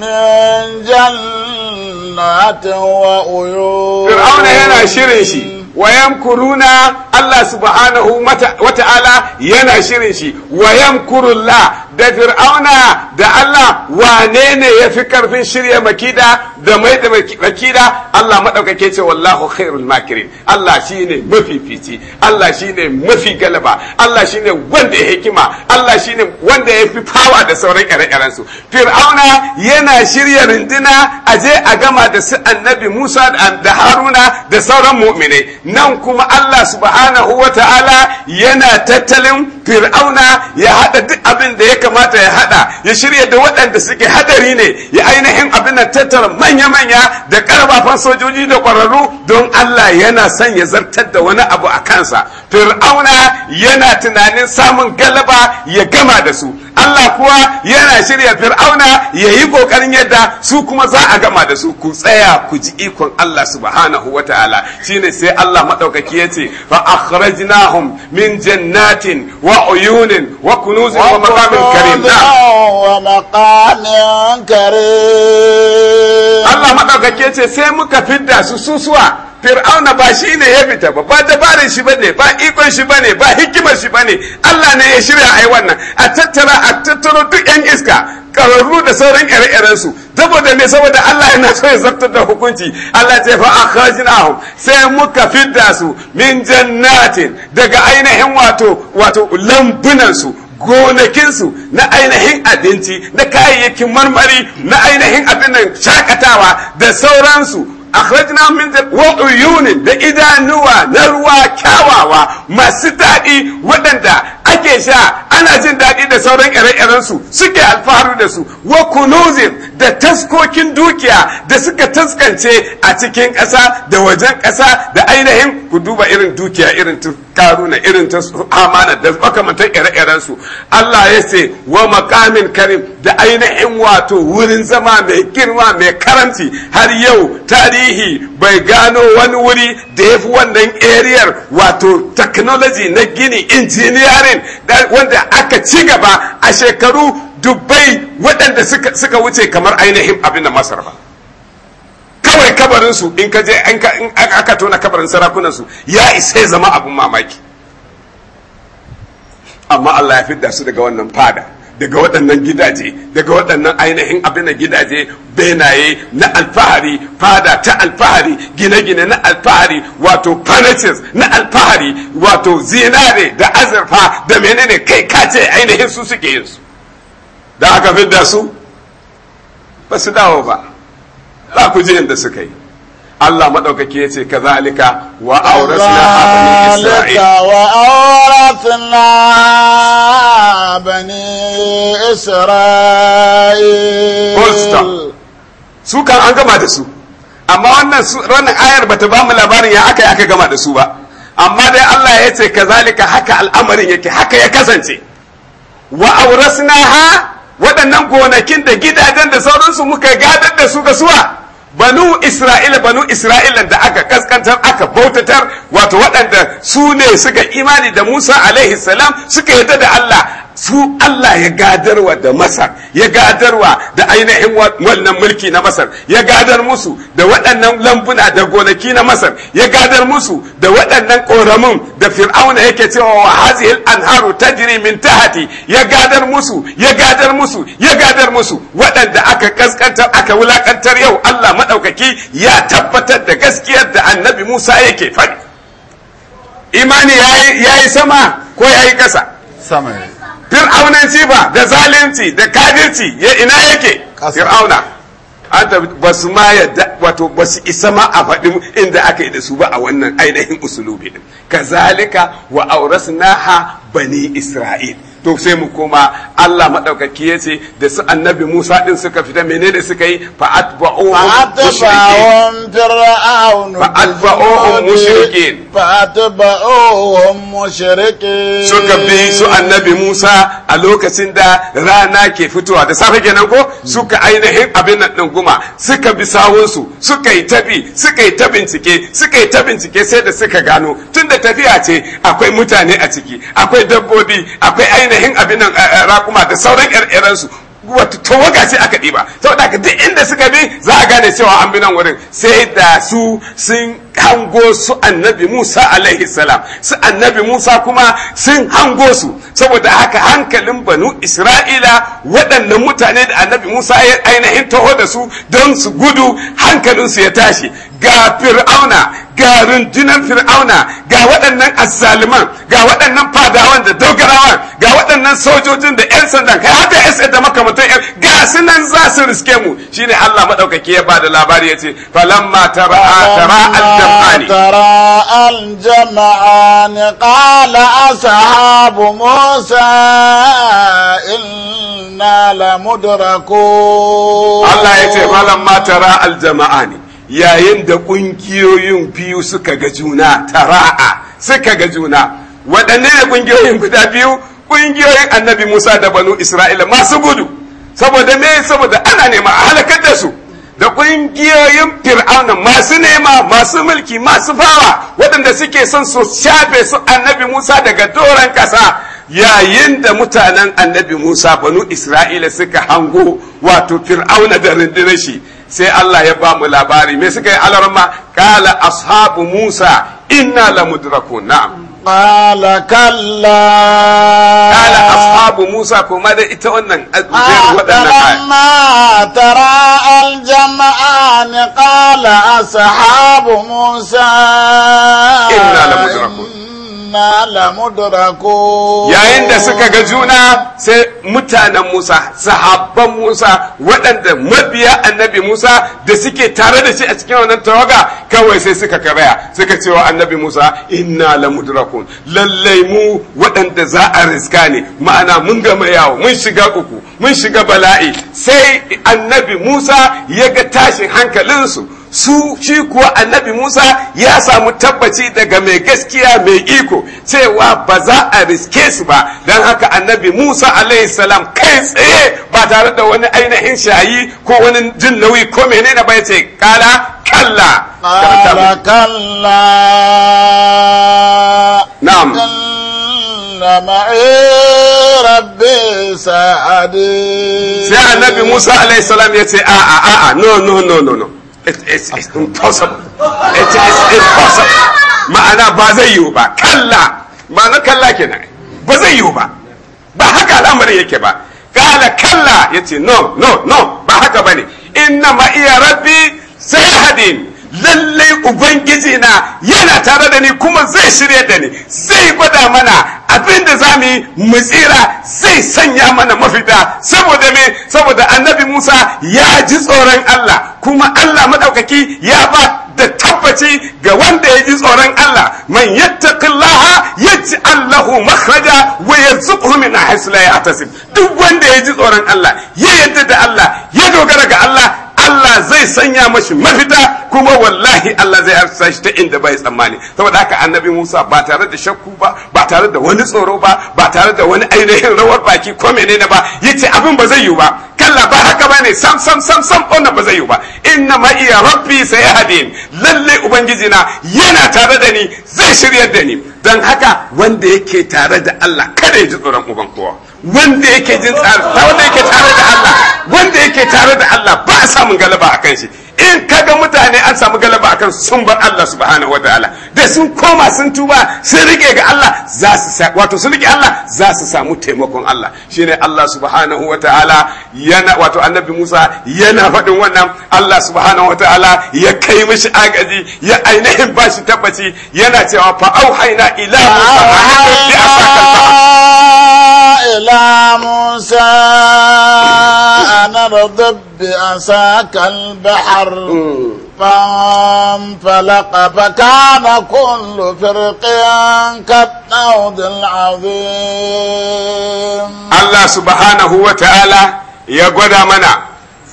min jannatin wa uyun yana shirin shi wayamkuruna Allah subhanahu wata ala yana shirin shi wayamkurullah da fir'auna da Allah wane ne ya fi karfin shirya makida da mai da makida Allah madaukake ce wallahu khairul makirin Allah shine mafi fici Allah shine mafi galaba Allah shine wanda ya hikima Allah shine wanda ya fi fawa da sauran ire-iren su Fir'auna yana shirya rindina a je a gama da su annabi Musa da Haruna da sauran mu'minai nan kuma Allah subhanahu wata'ala yana tattalin Fir'auna ya hada duk abin da ya kamata ya hada ya shirya da waɗanda suke hadari ne ya ainihin abin da tattara mai manya-manya da karfafan sojoji da ƙwararru don Allah yana son ya zartar da wani abu a kansa fir'auna yana tunanin samun galaba ya gama da su Allah kuwa yana shirya fir'auna ya yi kokarin yadda su kuma za a gama da su ku tsaya ku ji ikon Allah subhanahu wa ta'ala shine sai Allah madaukaki ya ce fa akhrajnahum min jannatin wa uyunin wa kunuzin wa maqamin karim wa Allah madaukaki ya ce sai muka fidda su susuwa fir'auna ba shi ne ya fita ba ba dabarin shi bane ba ikon shi bane ba hikimar shi bane Allah ne ya shirya ai wannan a tattara a tattaro duk yan iska kararru da sauran ire-iren su saboda ne saboda Allah yana so ya zartar da hukunci Allah ce fa akhrajnahum sai muka fidda su min jannatin daga ainihin wato wato lambunan su gonakinsu na ainihin abinci na kayayyakin marmari na ainihin abin shakatawa da sauransu akhrajna min wa uyunin da idanuwa na ruwa kyawawa masu daɗi waɗanda ake sha ana jin daɗi da sauran ire-iren suke alfaharu da su wa kunuzin da taskokin dukiya da suka taskance a cikin ƙasa da wajen ƙasa da ainihin ku duba irin dukiya irin karuna irin ta amana da makamantar ire-iren su Allah ya ce wa makamin karim da ainihin wato wurin zama mai girma mai karanci har yau tarihi bai gano wani wuri da ya fi wannan ariyar wato technology na gini engineering wanda aka ci gaba a shekaru dubbai waɗanda suka wuce kamar ainihin abin da masar ba kawai kabarin su in ka je in aka tona kabarin sarakunan ya isa zama abun mamaki amma Allah ya fidda su daga wannan fada daga waɗannan gidaje daga waɗannan ainihin abin da gidaje benaye na alfahari fada ta alfahari gine-gine na alfahari wato furnaces na alfahari wato zinare da azurfa da menene kai kace ainihin su suke yin su da aka fidda su ba su dawo ba za ku ji inda suka yi Allah maɗaukaki ya ce wa bani Isra'il su kan an gama da su amma wannan ranar ayar bata ba mu labarin ya aka aka gama da su ba amma dai Allah ya ce ka zalika haka al'amarin yake haka ya kasance wa aurasna ha waɗannan gonakin da gidajen da sauransu muka gadar da su ga suwa banu isra'ila banu isra'ila da aka kaskantar aka bautatar wato waɗanda su ne suka imani da musa alaihi salam suka yadda da allah su Allah ya gadarwa da Masar ya gadarwa da ainihin wannan mulki na Masar ya gadar musu da waɗannan lambuna da gonaki na Masar ya gadar musu da waɗannan ƙoramin da Fir'auna yake cewa wa hazihil anharu tajri min tahti ya gadar musu ya gadar musu ya gadar musu waɗanda aka kaskantar aka wulakantar yau Allah madaukaki ya tabbatar da gaskiyar da Annabi Musa yake faɗi imani yayi yayi sama ko yayi ƙasa sama fir'aunanci ba da zalunci da kadirci ya ina yake fir'auna an ta ba su ma yadda wato ba su isa ma a faɗi inda aka yi da su ba a wannan ainihin usulubi din kazalika wa aurasnaha bani isra'il to sai mu koma Allah madaukaki ya ce da su annabi Musa din suka fita menene suka yi fa atba'u fir'aun fa atba'u mushrikin fa atba'u mushrikin suka bi su annabi Musa a lokacin da rana ke fitowa da safe kenan ko suka ainihin abin nan din guma suka bi sawun su suka yi tabi suka yi ta bincike suka yi ta bincike sai da suka gano tunda tafiya ce akwai mutane a ciki akwai dabbobi akwai ainihin ainihin abin nan eh, eh, rakuma da sauran ƴar'ƴaran su wato ga sai aka ɗiba saboda duk inda suka bi za a gane cewa an bi nan wurin sai da su sun hango su annabi Musa alaihi salam su annabi Musa kuma sun hango su saboda haka hankalin banu Isra'ila waɗannan mutane da annabi Musa ya ainihin taho da su don su gudu hankalin su ya tashi ga fir'auna ga rundunar fir'auna ga waɗannan azzaliman ga waɗannan fadawan da dogarawan ga waɗannan sojojin da 'yan sandan kai haka 'yan da makamantan 'yan ga su nan za su riske mu shine Allah maɗaukaki ya ba da labari ya ce falamma tara tara الجمعان ترى الجمعان قال أصحاب موسى إنا لمدركون الله يتفعل ما ترى الجمعان yayin da ƙungiyoyin biyu suka ga juna tara'a suka ga juna waɗanne ne ƙungiyoyin guda biyu ƙungiyoyin annabi musa da banu isra'ila masu gudu saboda me saboda ana nema a halakar da su da ƙungiyoyin fir'auna masu nema masu mulki masu fawa waɗanda suke son su shafe su annabi musa daga doron ƙasa yayin da mutanen annabi musa banu isra'ila suka hango wato fir'auna da rundunar shi sai allah ya ba mu labari me suka yi alarma kala ashabu musa inna la na'am Ƙala kalla. Ƙala ashabu Musa ko ma dai ita wannan azubairu waɗannan ayi. tara aljama'a ni ƙala ashabu Musa. inna yayin da suka ga juna sai mutanen Musa sahabban Musa waɗanda mabiya annabi Musa da suke tare da shi a cikin wannan tawaga kawai sai suka karaya suka cewa annabi Musa inna lamudrakun lallai mu waɗanda za a riska ne ma'ana mun gama yawo mun shiga uku mun shiga bala'i sai annabi Musa ya ga tashin hankalinsu su shi kuwa annabi Musa ya samu tabbaci daga mai gaskiya mai iko cewa ba za a riske su ba don haka annabi Musa salam kai tsaye ba tare da wani ainihin shayi ko wani jin nauyi ko menene ba ya ce kala kalla kala kalla na'am معي ربي musa سي ya ce a a a آآ no no no, no. it's, it's impossible impossible ma'ana ba zai yiwu ba kalla ma'ana kalla kenan ba zai yiwu ba ba haka al'amarin yake ba kala kalla yace no no no ba haka bane inna ma iya rabbi sai hadin lallai ubangiji na yana tare da ni kuma zai shirya da ni zai gwada mana abin da za mu yi mu tsira zai sanya mana mafita saboda me saboda annabi musa ya ji tsoron allah kuma allah maɗaukaki ya ba da tabbaci ga wanda ya ji tsoron Allah man yattaqillaha yaji Allahu makhraja wa yarzuquhu min haythu la yahtasib duk wanda ya ji tsoron Allah ya yadda da Allah ya dogara ga Allah Allah zai sanya mashi mafita kuma wallahi Allah zai arsa shi ta inda bai tsammani saboda haka annabi Musa ba tare da shakku ba ba tare da wani tsoro ba ba tare da wani ainihin rawar baki ko menene ba yace abin ba zai yi ba kalla ba haka bane sam sam sam sam wannan ba zai yi ba inna ma iya rabbi sayahdin lalle ubangiji na yana tare da ni zai shiryar da ni dan haka wanda yake tare da Allah kada ya ji tsoron uban kowa wanda yake jin tsari wanda yake tare da Allah wanda yake tare da Allah samun galaba a kan shi in kaga mutane an samu galaba a kan sun bar Allah subhanahu wataala da sun koma sun tuba sun rike ga Allah za su wato sun rike Allah za su samu taimakon Allah shine Allah subhanahu wataala yana wato annabi Musa yana faɗin wannan Allah subhanahu wataala ya kai mishi agaji ya ainihin bashi tabbaci yana cewa fa auhayna ila Musa ila موسى أنا رضب بأساك البحر فانفلق فكان كل فرق كالطود العظيم الله سبحانه وتعالى يقول منا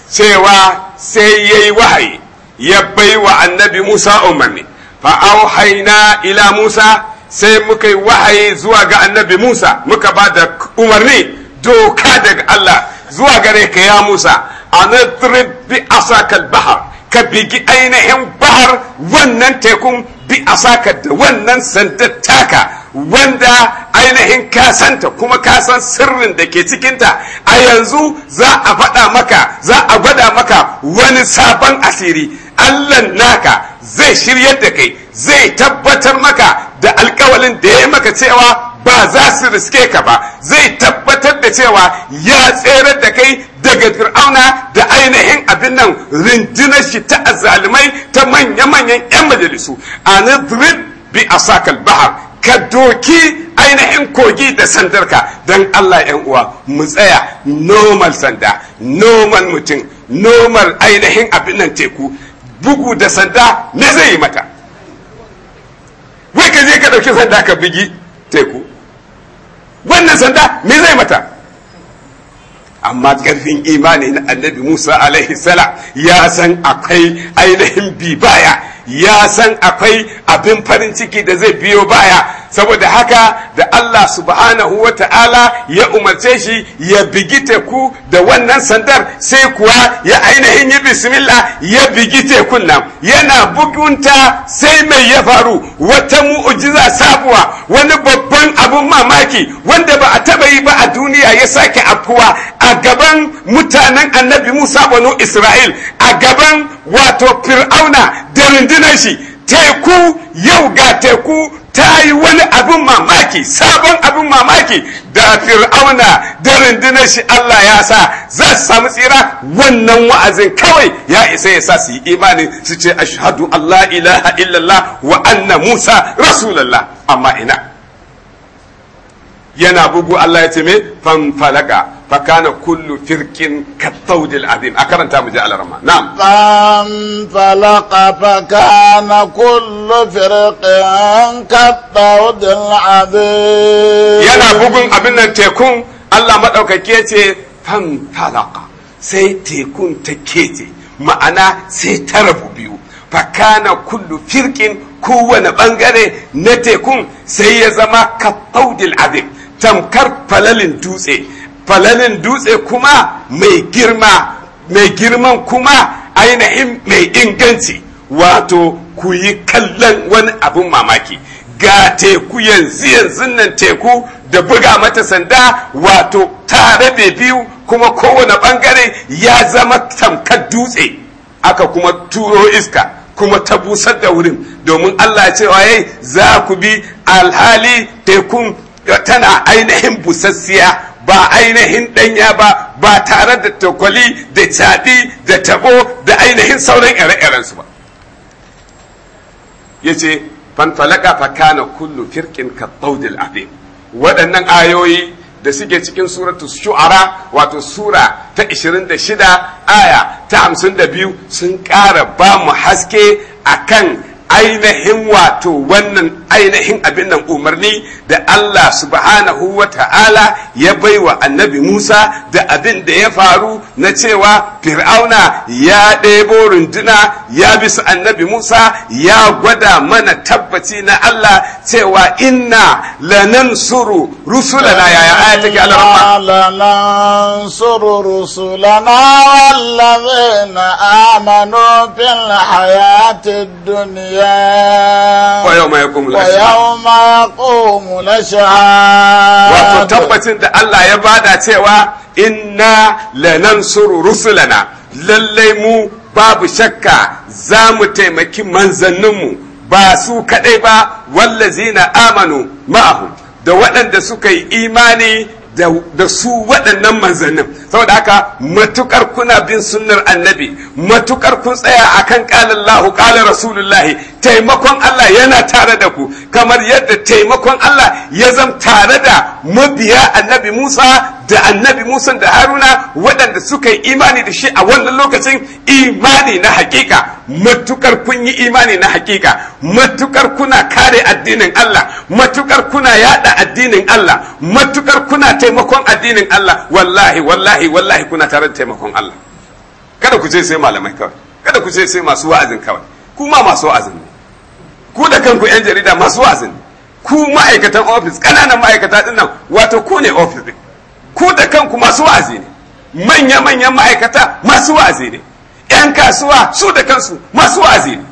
سيوا سيي وحي يبي النبي موسى أمني فأوحينا إلى موسى sai muka yi wahayi zuwa ga annabi Musa muka ba da umarni doka daga Allah zuwa gare ka ya Musa a anadrib bi sakar bahar ka bigi ainihin bahar wannan tekun bi sakar da wannan sandar taka wanda ainihin kasanta kuma kasan sirrin da ke cikinta a yanzu za a faɗa maka za a gwada maka wani sabon asiri allan naka zai shiryar da kai zai tabbatar maka da alkawalin da ya maka cewa ba za su riske ka ba zai tabbatar da cewa ya tserar da kai daga fir'auna da ainihin abin nan rindinar shi ta azalimai ta manya-manyan 'yan majalisu a nadrib bi asakal bahar ka doki ainihin kogi da sandarka don Allah ‘yan uwa mu tsaya normal sanda normal mutum normal ainihin abin nan teku bugu da sanda me zai yi mata wai ka je ka ɗauki sanda ka bugi teku wannan sanda me zai mata amma karfin imani na annabi musa alaihi sala ya san akwai ainihin bibaya ya san akwai abin farin ciki da zai biyo baya saboda haka da Allah subhanahu wa ta'ala ya umarce shi ya bigi ku da wannan sandar sai kuwa ya ainihin yi bismillah ya bigite tekun nan yana bugunta sai mai ya faru wata mu'ujiza sabuwa wani babban abun mamaki wanda ba a taba yi ba a duniya ya sake afkuwa a gaban mutanen annabi Musa banu Isra'il a gaban wato fir'auna da rundunar shi teku yau ga teku ta yi wani abin mamaki sabon abin mamaki da fir'auna da rundunar shi Allah ya sa za su samu tsira wannan wa'azin kawai ya isa ya sa su yi imani su ce ashhadu Allah ilaha illallah wa anna Musa rasulallah amma ina yana bugu Allah ya ce me fanfalaka فكان كل فرق كالطود العظيم أكرم تامج على رمى نعم فانطلق فكان كل فرق كالطود العظيم ينا بقول أبنا تكون الله ما أوكاكيتي فانطلق sai tekun ta ce ma'ana sai ta rabu biyu fakana kullu firkin kowane ɓangare na tekun sai ya zama kattaudil azim tamkar falalin dutse falanin dutse kuma mai girma mai girman kuma ainihin mai inganci wato ku yi kallon wani abin mamaki ga teku yanzu yanzu nan teku da buga mata sanda wato tare da biyu kuma kowane bangare ya zama tamkar dutse aka kuma turo iska kuma ta busar da wurin domin allah cewa yai za ku bi alhali tekun tana ainihin busassiya ba ainihin ɗanya ba ba tare da takwali da caɗi da tabo da ainihin sauran ire-irensu ba ya ce fanfalaka fakana kullu firkin ka daudil abin waɗannan ayoyi da suke cikin suratu shu'ara wato sura ta 26 aya ta 52 sun ƙara ba mu haske akan ainihin wato wannan ainihin abin nan umarni da Allah subhanahu wa ta'ala ya baiwa annabi Musa da abin da ya faru na cewa fir'auna ya ɗebo runduna ya su annabi Musa ya gwada mana tabbaci na Allah cewa inna suru rusulana yaya aya take lanan suru rusulana wallazina amanu fil hayatid dunya mizan tabbacin da Allah ya bada cewa inna lanansuru rusulana lallai mu babu shakka za mu taimaki manzanninmu ba su kadai ba wallazina amanu ma'ahu da waɗanda suka yi imani da su waɗannan manzannin saboda haka matukar kuna bin sunnar annabi matukar kun tsaya akan kan kalallahu qala rasulullahi taimakon Allah yana tare da ku kamar yadda taimakon Allah ya zama tare da mabiya annabi Musa da annabi Musa da Haruna waɗanda suka yi imani da shi a wannan lokacin imani na hakika matukar kun yi imani na hakika matukar kuna kare addinin Allah matukar kuna yada addinin Allah matukar kuna taimakon addinin Allah wallahi wallahi wallahi kuna tare da taimakon Allah kada ku je sai malamai kawai kada ku je sai masu wa'azin kawai kuma masu wa'azin ne ku da kanku yan jarida masu wasan ku ma'aikatan ofis ƙananan ma'aikata din nan wato ku ne ofis din ku da kanku masu wazi ne manya-manyan ma'aikata masu wazi ne 'yan kasuwa su da kansu masu wazi ne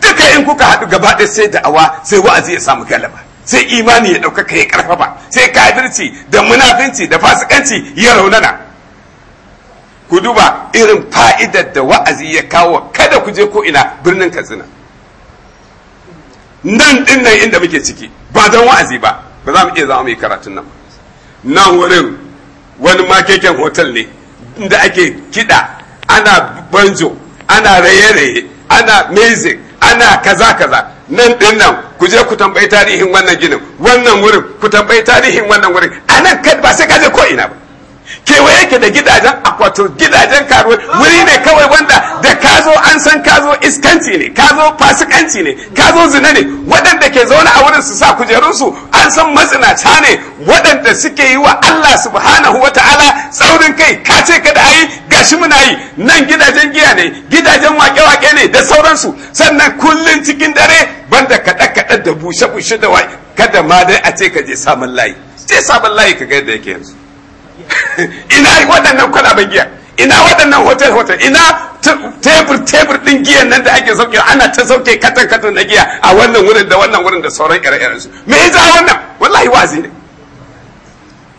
duka in kuka haɗu gaba ɗaya sai da'awa sai wa'azi ya samu galaba sai imani ya ɗaukaka ya ƙarfafa sai kafirci da munafinci da fasikanci ya raunana ku duba irin fa'idar da wa'azi ya kawo kada ku je ko ina birnin katsina nan din nan inda muke ciki ba don wa'azi ba ba za mu iya zama mai karatun nan nan wurin wani makeken hotel ne da ake kiɗa ana banjo ana raye-raye ana music ana kaza-kaza nan din nan ku je ku tambayi tarihin wannan ginin wannan wurin ku tambayi tarihin wannan wurin a nan ba sai ka je ko ina ba kewaye ke da gidajen akwato gidajen karuwa wuri ne kawai wanda da ka zo an san ka zo iskanci ne ka zo fasikanci ne ka zo zina ne waɗanda ke zaune a wurin su sa kujerunsu an san matsinata ne waɗanda suke yi wa Allah subhanahu wa ta'ala tsaurin kai ka ce ka da ayi gashi muna yi nan gidajen giya ne gidajen wake-wake ne da sauransu sannan kullum cikin dare banda kaɗe-kaɗe da bushe-bushe da wai kada ma dai a ce ka je samun layi je samun layi ka ga yadda yake yanzu [LAUGHS] ina waɗannan kwalaben giya ina waɗannan hotel hotel ina tebur tebur ɗin giyan nan da ake sauke ana ta sauke katon katon na giya a wannan wurin da wannan wurin da sauran ire-iren su me a wannan wallahi wazi ne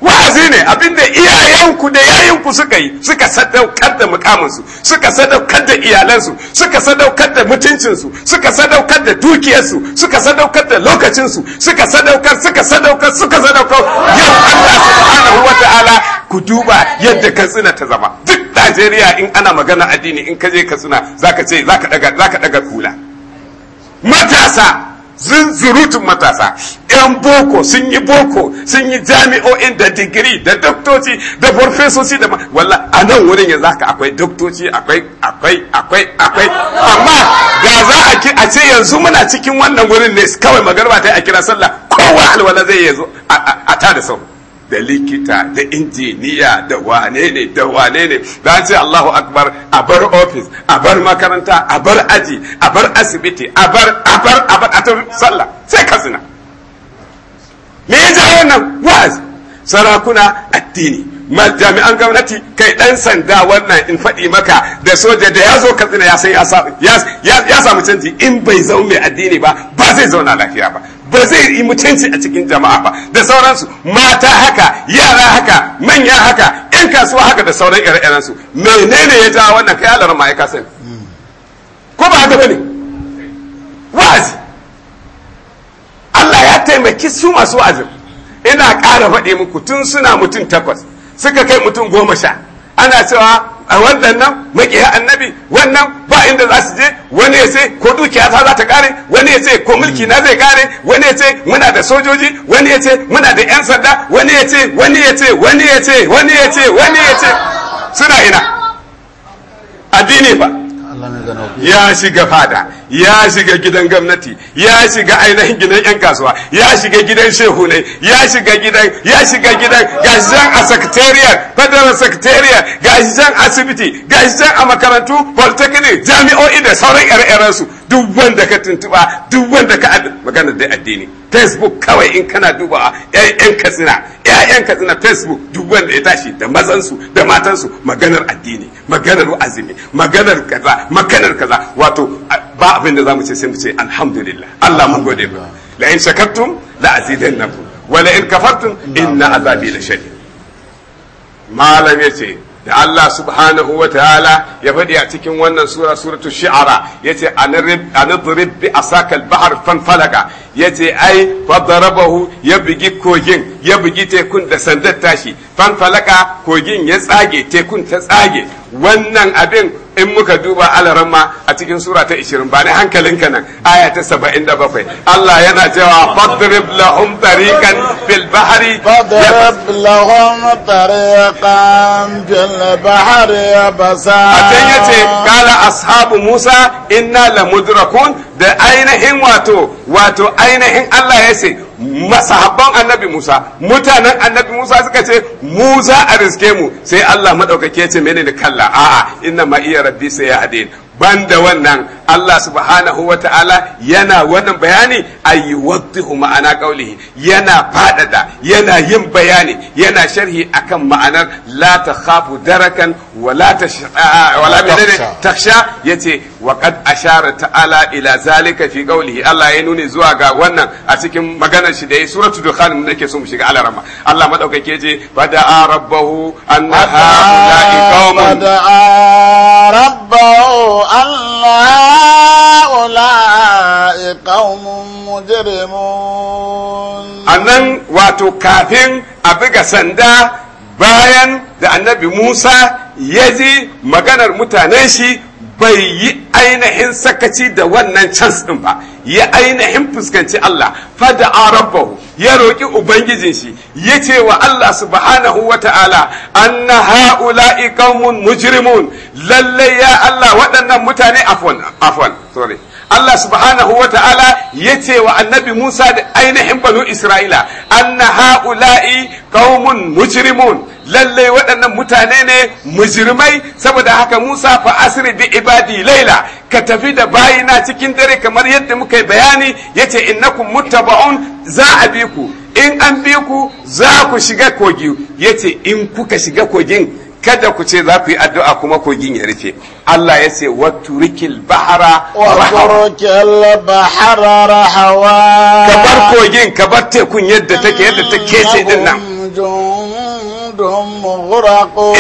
wa'azi ne abinda iyayenku da yayinku suka yi suka sadaukar da mukaminsu suka sadaukar da iyalansu suka sadaukar da mutuncinsu suka sadaukar da dukiyarsu suka sadaukar da lokacinsu suka sadaukar suka sadaukar suka sadaukar yau Allah subhanahu ta'ala ku duba yadda katsina ta zama duk Najeriya in ana magana addini in ka je katsina zaka ce zaka daga zaka daga kula matasa zunzurutun matasa yan boko sun yi boko sun yi jami'o'in da digiri da doktoci da farfesoci da walla a nan wurin yanzu haka akwai doktoci akwai akwai akwai akwai amma ga za a ce yanzu muna cikin wannan wurin ne kawai magarba ta yi a kira sallah kowa alwala zai yanzu a ta da sau da likita da injiniya da wane ne da wane ne da ce Allahu akbar a bar ofis a bar makaranta a bar aji a bar asibiti a bar a bar a bar a sallah sai ka suna me ya jawo nan sarakuna addini jami'an gwamnati kai dan sanda wannan in faɗi maka da soja da ya zo katsina ya ya samu canji in bai zaune addini ba ba zai zauna lafiya ba ba zai yi mutunci a cikin jama'a ba da sauransu mata haka yara haka manya haka yan kasuwa haka da sauran ire su menene ya jawo wannan kai alar ma ya kasan ko ba haka bane wa'azi Allah ya taimaki su masu wa'azin ina ƙara faɗi muku tun suna mutum takwas suka kai mutum goma sha ana cewa a wannan nan makiya annabi wannan ba inda za su je wani ya ce ko dukiya ta za ta kare wani ya ce ko mulki na zai kare wani ya ce muna da sojoji wani ya ce muna da yan sanda wani ya ce wani ya ce wani ya ce wani ya ce wani ya ce suna ina addini ba ya shiga fada ya shiga gidan gwamnati ya shiga ainihin gidan yan kasuwa ya shiga gidan shehu ne ya shiga gidan ya shiga gidan gashi can a secretariat federal secretariat gashi can asibiti gashi can a makarantu polytechnic jami'o'i da sauran yare-yaren su duk wanda ka tuntuba duk wanda ka magana da addini facebook kawai in kana duba yayan katsina yayan katsina facebook duk wanda ya tashi da mazansu da matansu maganar addini maganar azumi maganar kaza maganar kaza wato ba abin da zamu ce sai mu ce alhamdulillah Allah mun gode ba la in shakartum la azidannakum wa la in kafartum inna azabi la shadid malam yace da Allah subhanahu wa ta'ala ya faɗi a cikin wannan sura suratul shi'ara yace anadrib bi asakal bahr fanfalaka yace ai fadarabahu ya bugi kogin ya bugi tekun da sandar tashi fanfalaka kogin ya tsage tekun ta tsage wannan abin in muka duba alarama a cikin sura ta 20 ba ne hankalinka nan aya ta 77 Allah yana cewa fadrib lahum tariqan fil bahri fadrib lahum tariqan fil bahri yabasa a yace kala ashabu Musa inna lamudrakun da ainihin wato wato ainihin Allah ya yace masahabban annabi Musa mutanen annabi Musa suka ce mu za a riske mu sai Allah madaukake ya ce menene kalla a'a inna ma iya rabbi sai ya adin ban da wannan Allah subhanahu wa ta'ala yana wannan bayani ayi waddihu ma'ana qaulihi yana faɗaɗa yana yin bayani yana sharhi akan ma'anar la takhafu darakan Wala la tashqa wa la ah, ah, ashara ta'ala ila zalika fi qaulihi Allah ya nuni zuwa ga wannan a cikin maganar shi da yayi suratul dukhan mun nake so mu shiga alarama Allah madaukake je fada rabbahu anna ha'ula'i qaumun fada rabbahu Allah ulai qaumun mujrimun annan wato kafin a buga sanda bayan da annabi Musa ya ji maganar mutanen shi bai yi ainihin sakaci da wannan chance din ba ya ainihin fuskanci Allah fada rabbahu ya roƙi ubangijin shi ya ce wa Allah subhanahu wa ta'ala anna haula qaumun mujrimun lallai ya Allah waɗannan mutane afon afon sorry Allah subhanahu wa ta'ala ya ce wa annabi Musa da ainihin banu Isra'ila, an na ha'ula'i kawumin mujrimun lalle waɗannan mutane ne mujrimai saboda haka Musa fa asiri bi ibadi laila ka tafi da bayina cikin dare kamar yadda muka yi bayani yace innakum muttaba'un za a bi ku in an bi ku za ku shiga kogi ce in kuka shiga kogin kada ku ce za ku yi addu'a kuma kogin ya rufe Allah ya ce wa turikil bahara rahawa ka bar kogin ka bar tekun yadda take yadda ta kece din nan inna مغرقون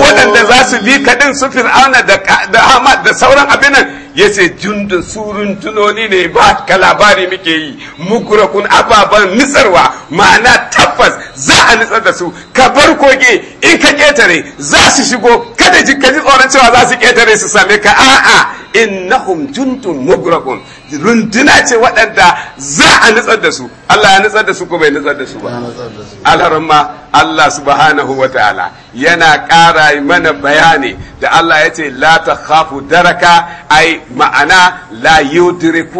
waɗanda za su bi kaɗin su fir'auna da ahmad da sauran abinan ya ce jundun surun tunoni ne ba ka labari muke yi muguragun ababen nitsarwa ma'ana tabbas za a nitsar da su ka bar koge in ka ƙetare za su shigo kada ji kaji tsoron cewa za su ƙetare su same ka a'a innahum juntun mugraqun runduna ce waɗanda za a nutsar da su Allah ya nutsar da su ko bai nutsar da su ba alharma Allah subhanahu wa ta'ala yana ƙara mana bayani da Allah ya ce la takhafu daraka ai ma'ana la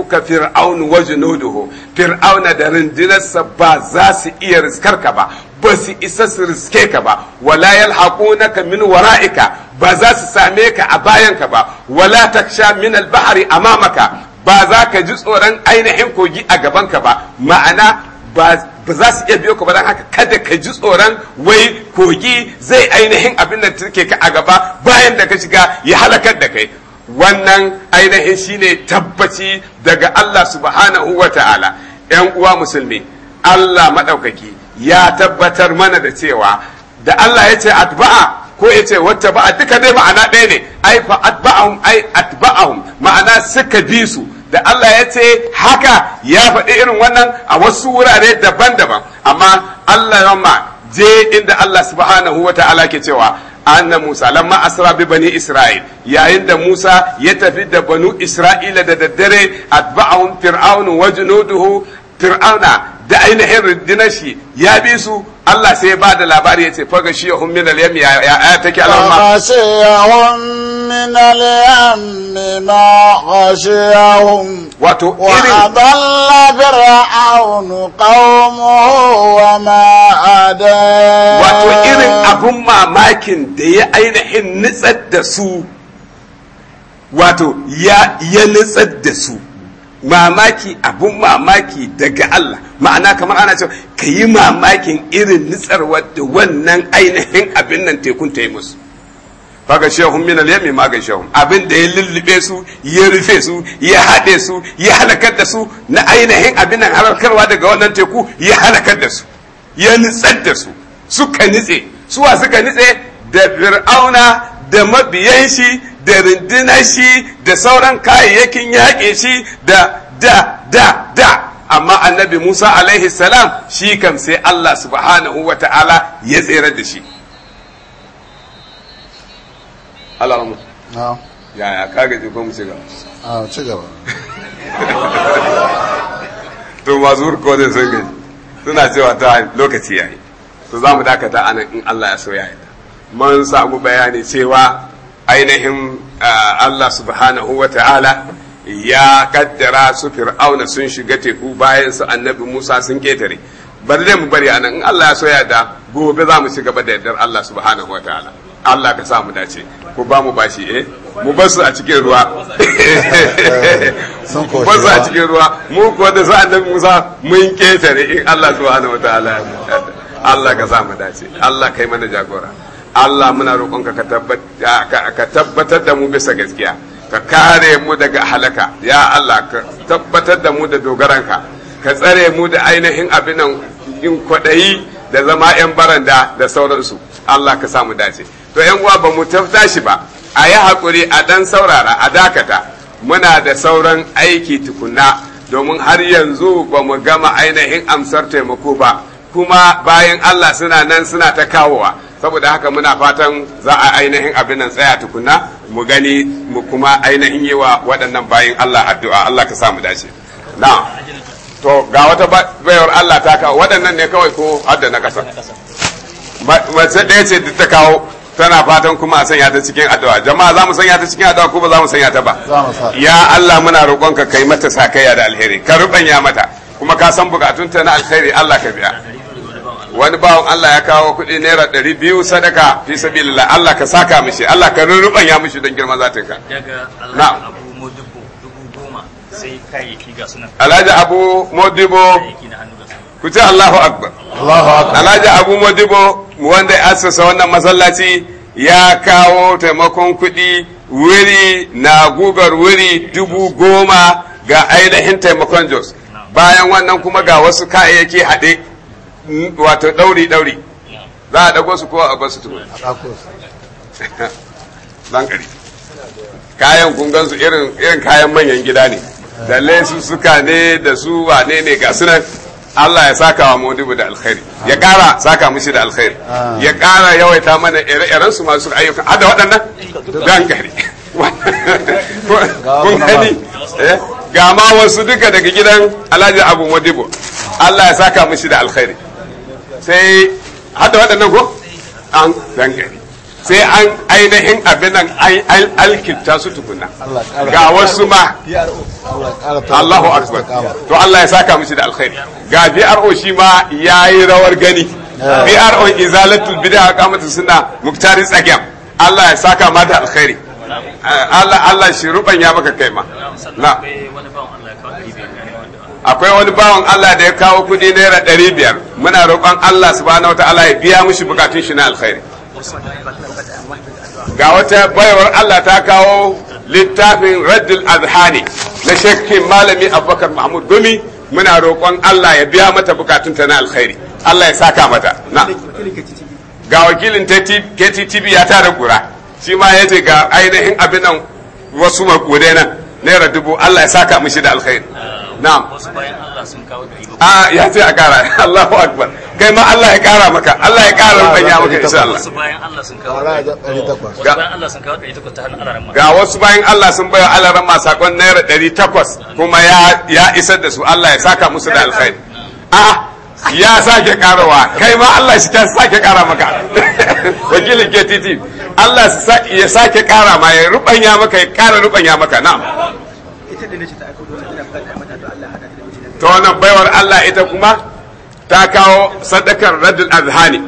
ka fir'aun wajnuduhu fir'auna da rundunarsa ba za su iya riskarka ba ba su isa su riske ka ba wala yalhaqunaka min wara'ika ba za su same ka a bayanka ba wala taksha min al-bahri amamaka ba za ka ji tsoron ainihin kogi a gabanka ba ma'ana ba za su iya biyo ka ba don haka kada ka ji tsoron wai kogi zai ainihin abin da take ka a gaba bayan da ka shiga ya halakar da kai wannan ainihin shine tabbaci daga Allah subhanahu wa ta'ala ‘yan uwa musulmi Allah maɗaukaki ya tabbatar mana da cewa da Allah ya ce atba'a ko ya ce wata ba'a duka dai ma'ana ɗaya ne ai fa atba'ahum ai atba'ahum ma'ana suka bi su da Allah ya ce haka ya faɗi irin wannan a wasu wurare daban-daban amma Allah yamma je inda Allah subhanahu wa ta'ala ke cewa anna Musa lamma asra bi bani Isra'il yayin da Musa ya tafi da banu Isra'ila da daddare atba'ahum fir'aunu wa junuduhu fir'auna da ainihin rundunar shi ya bi su Allah sai ya da labari ya ce faga shi yahun min al ya aya take alamma faga shi yahun min al-yam ma ghashiyahum wato wa adalla fir'aun qawmuhu wa ma ada wato irin abun mamakin da ya ainihin nitsar da su wato ya nitsar da su mamaki abun mamaki daga Allah ma'ana kamar ana cewa ka yi mamakin irin nitsarwar da wannan ainihin abin nan tekun ta yi musu faga shehun min al-yami shehun abin da ya lullube su ya rufe su ya haɗe su ya halakar da su na ainihin abin nan halakarwa daga wannan teku ya halakar da su ya nitsar da su suka nitse suwa suka nitse da fir'auna da mabiyan shi da rundunar shi da sauran kayayyakin yaƙe shi da da da da amma annabi Musa alaihi salam shi kam sai Allah subhanahu wa ta'ala ya tsere da shi Allah yaya kaga ce ko mu ci gaba a ci gaba [LAUGHS] to masu ko da sun gani suna cewa ta lokaci yayi to za mu dakata anan in Allah ya so ya yi mun samu bayani cewa ainihin Allah subhanahu wa ta'ala ya kaddara su fir'auna sun shiga teku bayan su annabi Musa sun ketare bari dai mu bari anan in Allah ya so ya da gobe za mu shiga da yardar Allah subhanahu wa ta'ala Allah ka sa mu dace ko ba mu bashi eh mu bar su a cikin ruwa mu bar su a cikin ruwa mu kuwa da sa annabi Musa mun ketare in Allah subhanahu wa ta'ala Allah ka sa mu dace Allah kai mana jagora Allah muna roƙonka ka tabbatar da mu bisa gaskiya ka kare mu daga halaka ya Allah ka tabbatar da mu da dogaranka ka tsare mu da ainihin abinan yin kwaɗayi da zama 'yan baranda da sauransu Allah ka samu dace to 'yan uwa ba mu tashi ba a yi haƙuri a ɗan saurara a dakata muna da sauran aiki tukuna domin har yanzu ba mu gama ainihin amsar taimako ba kuma bayan Allah suna nan suna ta kawowa saboda haka muna fatan za a ainihin abin nan tsaya tukuna mu gani mu kuma ainihin yi wa waɗannan bayin Allah addu'a Allah ka samu dace na to ga wata bayar Allah ta kawo waɗannan ne kawai ko hadda na ƙasa mace ɗaya ce ta kawo tana fatan kuma a sanya ta cikin addu'a jama'a za mu sanya ta cikin addu'a ko ba za mu sanya ta ba ya Allah muna roƙonka kai mata sakayya da alheri ka rubanya mata kuma ka san bukatunta na alheri Allah ka biya wani bawan Allah ya kawo kuɗi naira ɗari biyu sadaka fi sabilillah Allah ka saka mishi Allah ka rurrubanya mishi don girman zatinka daga Allah Abu Modibo dubu goma sai kayayyaki ga sunan Alhaji Abu Modibo ku ce Allahu Akbar Allahu Alhaji Abu Modibo wanda ya asasa wannan masallaci ya kawo taimakon kuɗi wuri na gugar wuri dubu goma ga ainihin taimakon Jos bayan wannan kuma ga wasu kayayyaki haɗe wato ɗauri ɗauri za a ɗago su ko a bar su tukun zankari [LAUGHS] kayan kungansu irin kayan manyan gida ne da lesu suka ne da su wane ne ga sunan Allah ya saka wa Modibu da alkhairi ya kara saka mushi da alkhairi ya kara yawaita mana ire-iren su masu ayyukan da waɗannan gangare kun gani eh? ga ma wasu duka daga gidan Alhaji Abu Modibu Allah ya saka mushi da alkhairi sai hada waɗannan ko an dangane sai an ainihin abin nan an alkinta su tukuna ga wasu ma Allahu akbar to Allah ya saka mishi da alkhairi ga BRO shi ma yayi rawar gani BRO izalatul bid'a qamatu sunna muktari tsagiyam Allah ya saka ma da alkhairi eh, Allah Allah shi ruban ya maka kai ma na akwai wani bawan Allah da ya kawo kudi naira ɗari biyar muna roƙon Allah subhanahu Allah ya biya mushi bukatun shi na alkhairi ga wata bayawar Allah ta kawo littafin raddul azhani na shekki malami abubakar mahmud gumi muna roƙon Allah ya biya mata ta na alkhairi Allah ya saka mata na ga wakilin KTTV ya tara gura. shi ma ya ce ga ainihin abin nan wasu makudai nan naira dubu Allah ya saka mushi da alkhairi na'am wasu bayan Allah sun kawo a ah, ya ce a kara [LAUGHS] Allahu akbar kai ma Allah ya kara maka Allah ya kara maka insha Allah wasu Allah sun wasu bayan Allah sun kawo ta hannun alaran ga wasu bayan Allah sun bayar alaran ma sakon naira 800 kuma ya ya isar da su Allah ya saka musu da alkhairi a ah, ya sake karawa kai ma Allah shi ta sake kara maka [LAUGHS] wakilin KTT Allah ya sake kara ma ya rubanya maka ya kara rubanya maka na'am ita da ta ta wannan baiwar Allah ita kuma ta kawo sadakar raddul azhani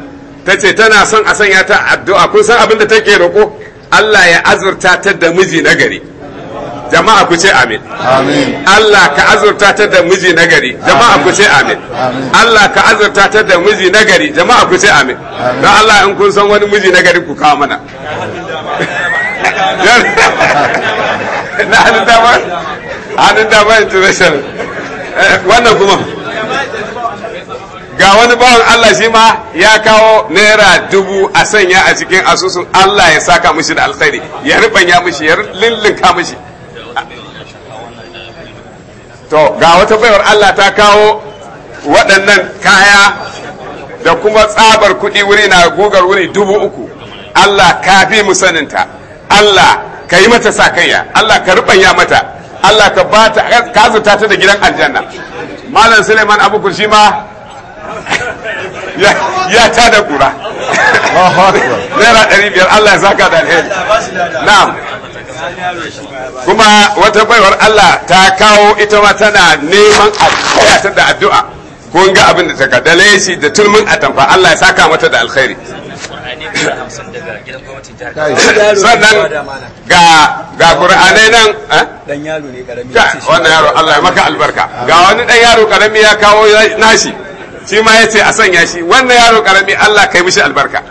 ta ce tana son a sanya ta addu'a kun san abin da take roƙo Allah ya azurta ta da miji na gari jama'a ku ce amin Allah ka azurta ta da miji na gari jama'a ku ce amin Allah ka azurta ta da miji na gari jama'a ku ce amin don Allah in kun san wani miji na gari ku kawo mana [LAUGHS] [LAUGHS] na hannun dama hannun dama international Eh, wannan kuma ga wani bawan Allah shi ma ya kawo naira dubu a sanya a cikin asusun Allah ya saka mushi da alkhairi ya ribanya mushi ya lillinka mushi to ga wata baiwar Allah ta kawo waɗannan kaya da kuma tsabar kuɗi wuri na gugar wuri dubu uku Allah ka fi musaninta Allah ka yi mata sa kanya Allah ka ribanya mata Allah ka ba ta kazuta ta da gidan aljanna malam suleiman abubuwan shi ma ya ta da kura naira ɗari biyar Allah ya zaka da alheri na'am kuma wata baiwar Allah ta kawo ita ma tana neman a da addu'a ko ga abin da ta ka da tulmin atamfa Allah ya saka mata da alkhairi sannan ga ga qur'anai nan eh? wannan yaro Allah ya maka albarka ga wani dan yaro karami ya kawo nashi shi ma yace a sanya shi wannan yaro karami Allah ka yi mishi albarka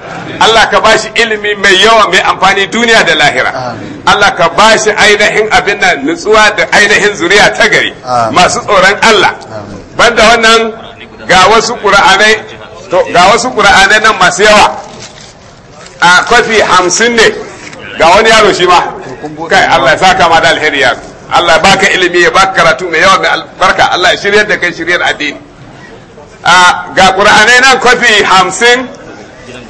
Allah ka bashi ilimi mai yawa mai amfani duniya da lahira Allah ka bashi ainihin abin nan nutsuwa da ainihin zuriya ta gari masu tsoron Allah banda wannan ga wasu qur'anai to ga wasu qur'anai nan masu yawa a kwafi hamsin ne ga wani yaro shi ma kai Allah ya saka ma da alheri yaro Allah ya baka ilimi ya baka karatu mai yawa mai albarka Allah ya shiryar da kai shiryar addini a ga qur'anai nan kwafi hamsin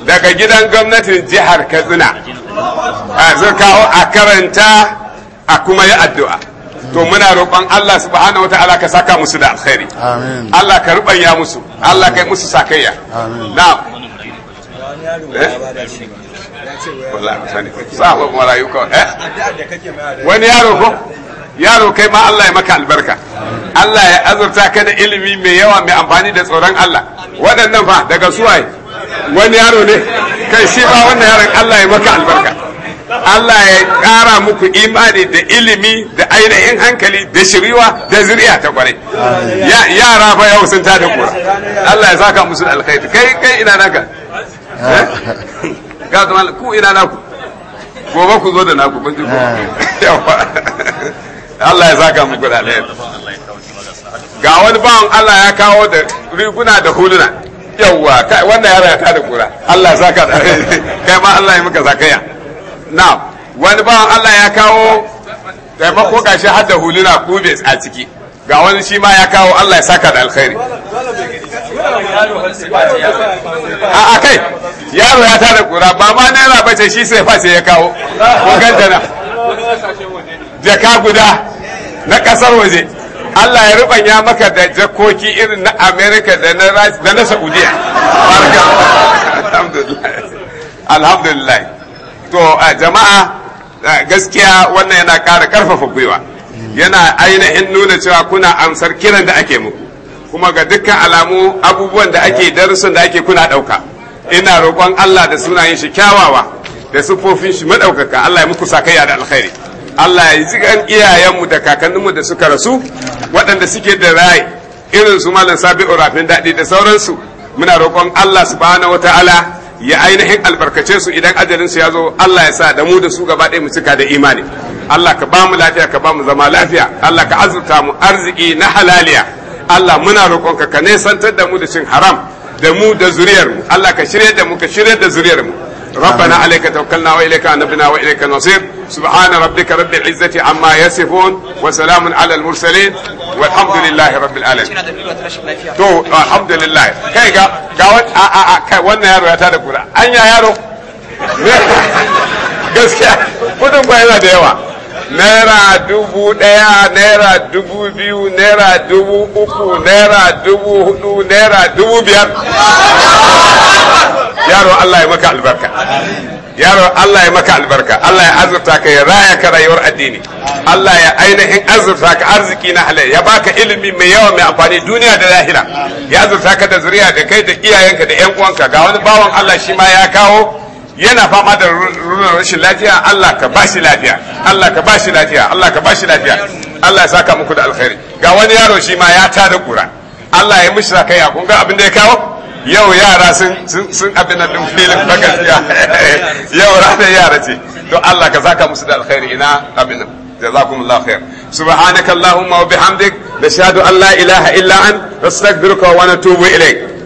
daga gidan gwamnatin jihar katsina a zai kawo a karanta a kuma yi addu'a to muna roƙon Allah subhanahu wa ta'ala ka saka musu da amin Allah ka rubanya musu Allah ka yi musu sakayya na'am wallahi wani yaro ko yaro kai ma Allah ya maka albarka Allah ya azurta ka da ilimi mai yawa mai amfani da tsoron Allah waɗannan fa daga suwaye wani yaro ne kai shi ba wannan yaron Allah ya maka albarka Allah ya ƙara muku imani da ilimi da ainihin hankali da shiriwa da zuriya ta kwarai yara fa yau sun da kura Allah ya saka musu alkhairi kai kai ina naka ga eh? zama ku ina naku gobe ku zo da naku kun ji ko eh. Allah ya saka muku da alheri ga wani bawan Allah ya kawo da riguna da huluna yawwa wannan yara ya tada kura Allah ya saka da alheri kai ma Allah ya muka zakaya na wani bawan Allah ya kawo taimako kashi har da huluna kubes a ciki ga wani shi ma ya kawo Allah ya saka da alheri a kai yaro ya tara kura ba ma naira bace shi sai face ya kawo wakanta gantana. jaka guda na kasar waje Allah ya rubanya maka da jakoki irin na Amerika da na da Saudiya alhamdulillah to jama'a gaskiya wannan yana ƙara karfafa gwiwa yana ainihin nuna cewa kuna amsar kiran da ake muku kuma ga dukkan alamu abubuwan da ake darussan da ake kuna ɗauka ina roƙon Allah da sunayen shi kyawawa da siffofin shi maɗaukaka Allah ya muku sakayya da alkhairi Allah ya ji kan iyayenmu da kakanninmu da suka rasu waɗanda suke da rai irin su malam sabi'u rafin daɗi da sauransu muna roƙon Allah subhanahu wataala ya ainihin albarkace su idan ajalin su ya zo Allah ya sa da mu da su gaba ɗaya mu cika da imani Allah ka ba mu lafiya ka ba mu zama lafiya Allah ka azurta mu arziki na halaliya Allah muna roƙonka ka nesantar da mu da cin haram da mu da zuriyarmu Allah ka shirya da mu ka shirya da zuriyar ربنا عليك توكلنا وإليك أنبنا وإليك النصير سبحان ربك رب العزة عما يصفون وسلام على المرسلين والحمد لله رب العالمين تو الحمد لله كاي ga ga kai wannan yaro ya tada kura anya yaro [LAUGHS] gaskiya kudin yana da yawa naira dubu ɗaya naira dubu biyu naira dubu uku naira dubu hudu naira dubu biyar yaro Allah ya maka albarka yaro Allah ya maka albarka Allah ya azurta ka ya raya ka rayuwar addini Allah ya ainihin azurta ka arziki na halayya ya baka ilimi mai yawa mai amfani duniya da lahira ya azurta ka da zuriya da kai da iyayenka da yan uwanka ga wani bawan Allah shi ma ya kawo yana fama da runar rashin lafiya Allah ka ba shi lafiya Allah ka ba shi lafiya Allah ka ba shi lafiya Allah ya saka muku da alkhairi ga wani yaro shi ma ya tada kura Allah ya mushra kai kun ga abin da ya kawo yau yara sun sun abin nan filin bakan [LAUGHS] yau ranar yara ce to Allah ka saka musu da alkhairi ina abin nan جزاكم الله خير سبحانك اللهم وبحمدك نشهد أن لا إله إلا أنت نستغفرك ونتوب إليك